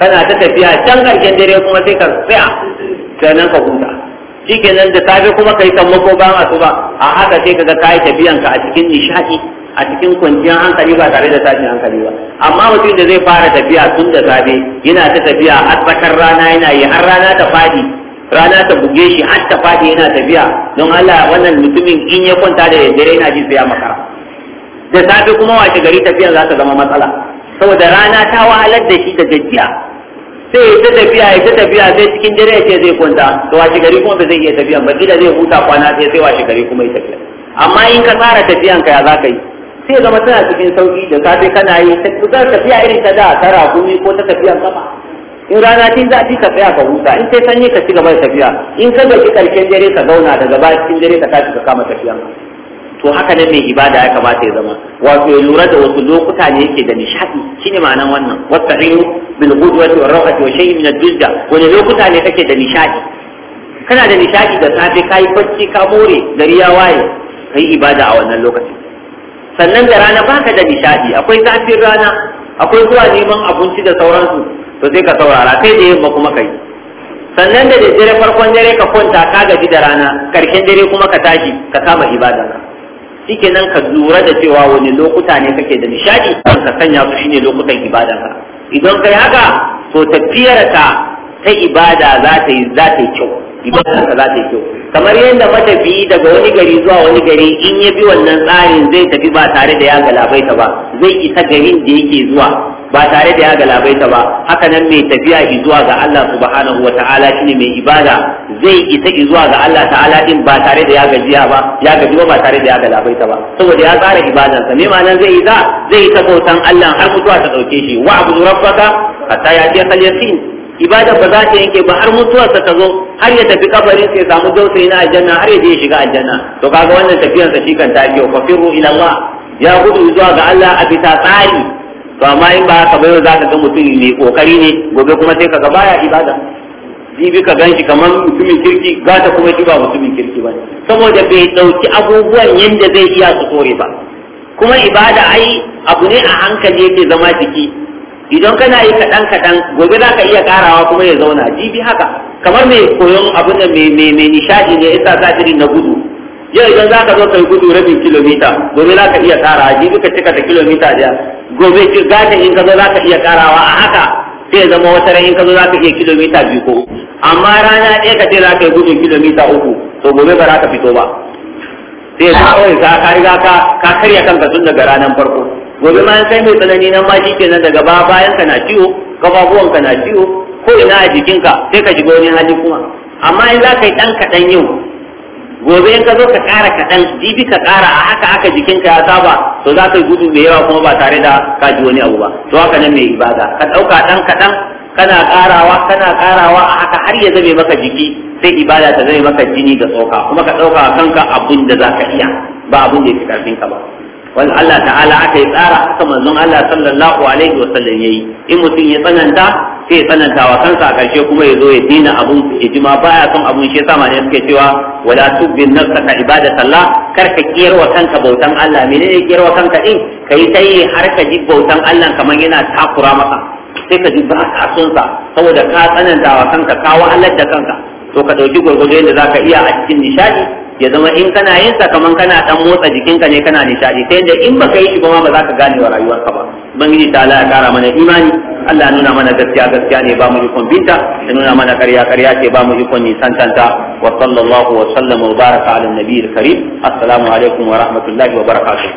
kana ta tafiya can ƙarshen dare kuma sai ka tsaya sannan ka huta nan da safe kuma ka yi sammako ba masu ba a haka sai kaga yi tafiyan ka a cikin nishadi a cikin kwanciyar hankali ba tare da tashin hankali ba amma mutum da zai fara tafiya tun da safe yana ta tafiya har tsakar rana yana yi har rana ta fadi rana ta buge shi an ta fadi yana tafiya don Allah wannan mutumin in ya kwanta da dare yana ji sai ya makara da safe kuma wace gari tafiyan za ta zama matsala saboda rana ta wahalar da shi da gajiya sai ya tafiya ya tafiya sai cikin dare ya ce zai kwanta to wace gari kuma ba zai iya tafiya ba kila zai huta kwana sai sai wace gari kuma ya tafiya amma in ka tsara tafiyan ka ya za ka yi sai zama tana cikin sauki da safe kana yi ta tafiya irin ta da tara rakumi ko ta tafiyan kafa in rana za zafi ka tsaya ka huta in sai sanyi ka ci gaba da tafiya in ka gaji karshen dare ka zauna daga baya cikin dare ka tashi ka kama tafiya to haka ne mai ibada ya kamata ya zama wato ya lura da wasu lokuta ne yake da nishadi shine ma'anan wannan wasta'inu bil qudwati war rawhati wa shay'in min ad-dujja wani lokuta ne kake da nishadi kana da nishadi da safe kai bacci ka more gari ya waye kai ibada a wannan lokacin sannan da rana baka da nishadi akwai zafin rana akwai zuwa neman abinci da sauransu to sai ka saurara sai da yamma kuma kai sannan da dare farkon dare ka kwanta ka gaji da rana karshen dare kuma ka tashi ka kama ibada ka. nan ka lura da cewa wani lokuta ne kake da nishadi ka sanya su shine lokutan ibada ka. idan kai haka to tafiyar tafiyarka ta ibada za ta yi za ta yi kyau ibadar ta za ta yi kyau kamar yadda matafi daga wani gari zuwa wani gari in ya bi wannan tsarin zai tafi ba tare da ya galabaita ba zai isa garin da yake zuwa ba tare da ya galabaita ba haka nan mai tafiya zuwa ga Allah subhanahu wa ta'ala shine mai ibada zai isa zuwa ga Allah ta'ala din ba tare da ya gajiya ba ya gaji ba tare da ya galabaita ba saboda ya tsara ibadansa me ma'anar zai yi za zai yi ta Allah har mutuwa ta dauke shi wa abu rabbaka hatta ya ce yaqin ibada ba za ta yanke ba har mutuwarsa ta zo har ya tafi kabarin sai samu dausa na aljanna har ya je ya shiga aljanna to kaga wannan tafiyarsa shi kan ta biyo fa firu ila Allah ya gudu zuwa ga Allah a bisa tsari to amma in ba ka bayo za ka ga mutum mai kokari ne gobe kuma sai kaga baya ibada bi ka ganshi kamar mutumin kirki ta kuma ba mutumin kirki ba saboda bai dauki abubuwan yanda zai iya su tsore ba kuma ibada ai abu ne a hankali yake zama jiki idan kana yi kaɗan kaɗan gobe za ka iya ƙarawa kuma ya zauna jibi haka kamar mai koyon abin da mai nishaɗi ne isa zafiri na gudu yau idan za ka zo ka yi gudu rabin kilomita gobe za ka iya ƙarawa jibi ka cika da kilomita ɗaya gobe gata in ka zo za ka iya ƙarawa a haka sai zama wata ran in ka zo za ka iya kilomita biyu ko amma rana ɗaya ka ce za ka yi gudun kilomita uku to gobe ba za ka fito ba sai ka kawai ka ka karya kanka tun daga ranar farko gobe ma kai mai tsanani na ma nan daga ba bayan ka na ciwo kafafuwan ka na ciwo ko ina a jikinka sai ka shiga wani hali kuma amma in za ka yi dan kaɗan yau gobe in ka zo ka ƙara kaɗan jibi ka ƙara a haka haka jikinka ya saba to za ka yi gudu mai yawa kuma ba tare da ka ji wani abu ba to haka nan mai ibada ka ɗauka dan kaɗan kana ƙarawa kana ƙarawa a haka har ya zame maka jiki sai ibada ta zame maka jini da tsoka kuma ka ɗauka kanka abun da za ka iya ba abun da ya fi ka ba wanda Allah ta'ala aka yi tsara aka manzon Allah sallallahu alaihi wa sallam yayi in mutum ya tsananta sai ya tsananta wa kansa a karshe kuma ya zo ya dina abun ijma baya son abun shi yasa ne suke cewa wala tubbin nafsaka ibadatallah kar ka wa kanka bautan Allah menene wa kanka din kai yi har ka ji bautan Allah kamar yana takura maka sai ka ji ba ka son sa saboda ka tsananta wa kanka ka wahalar da kanka to ka dauki gurgurdo yadda zaka iya a cikin nishadi ya zama in kana yin sa kaman kana dan motsa jikinka ne kana nishadi ta yadda in baka yi shi ba ba za ka gane wa rayuwarka ba ubangiji ta Allah ya kara mana imani Allah nuna mana gaskiya gaskiya ne ba mu ikon binta ya nuna mana karya karya ce ba mu ikon nisantanta wa sallallahu wa sallama wa baraka ala nabiyil karim assalamu alaikum wa rahmatullahi wa barakatuh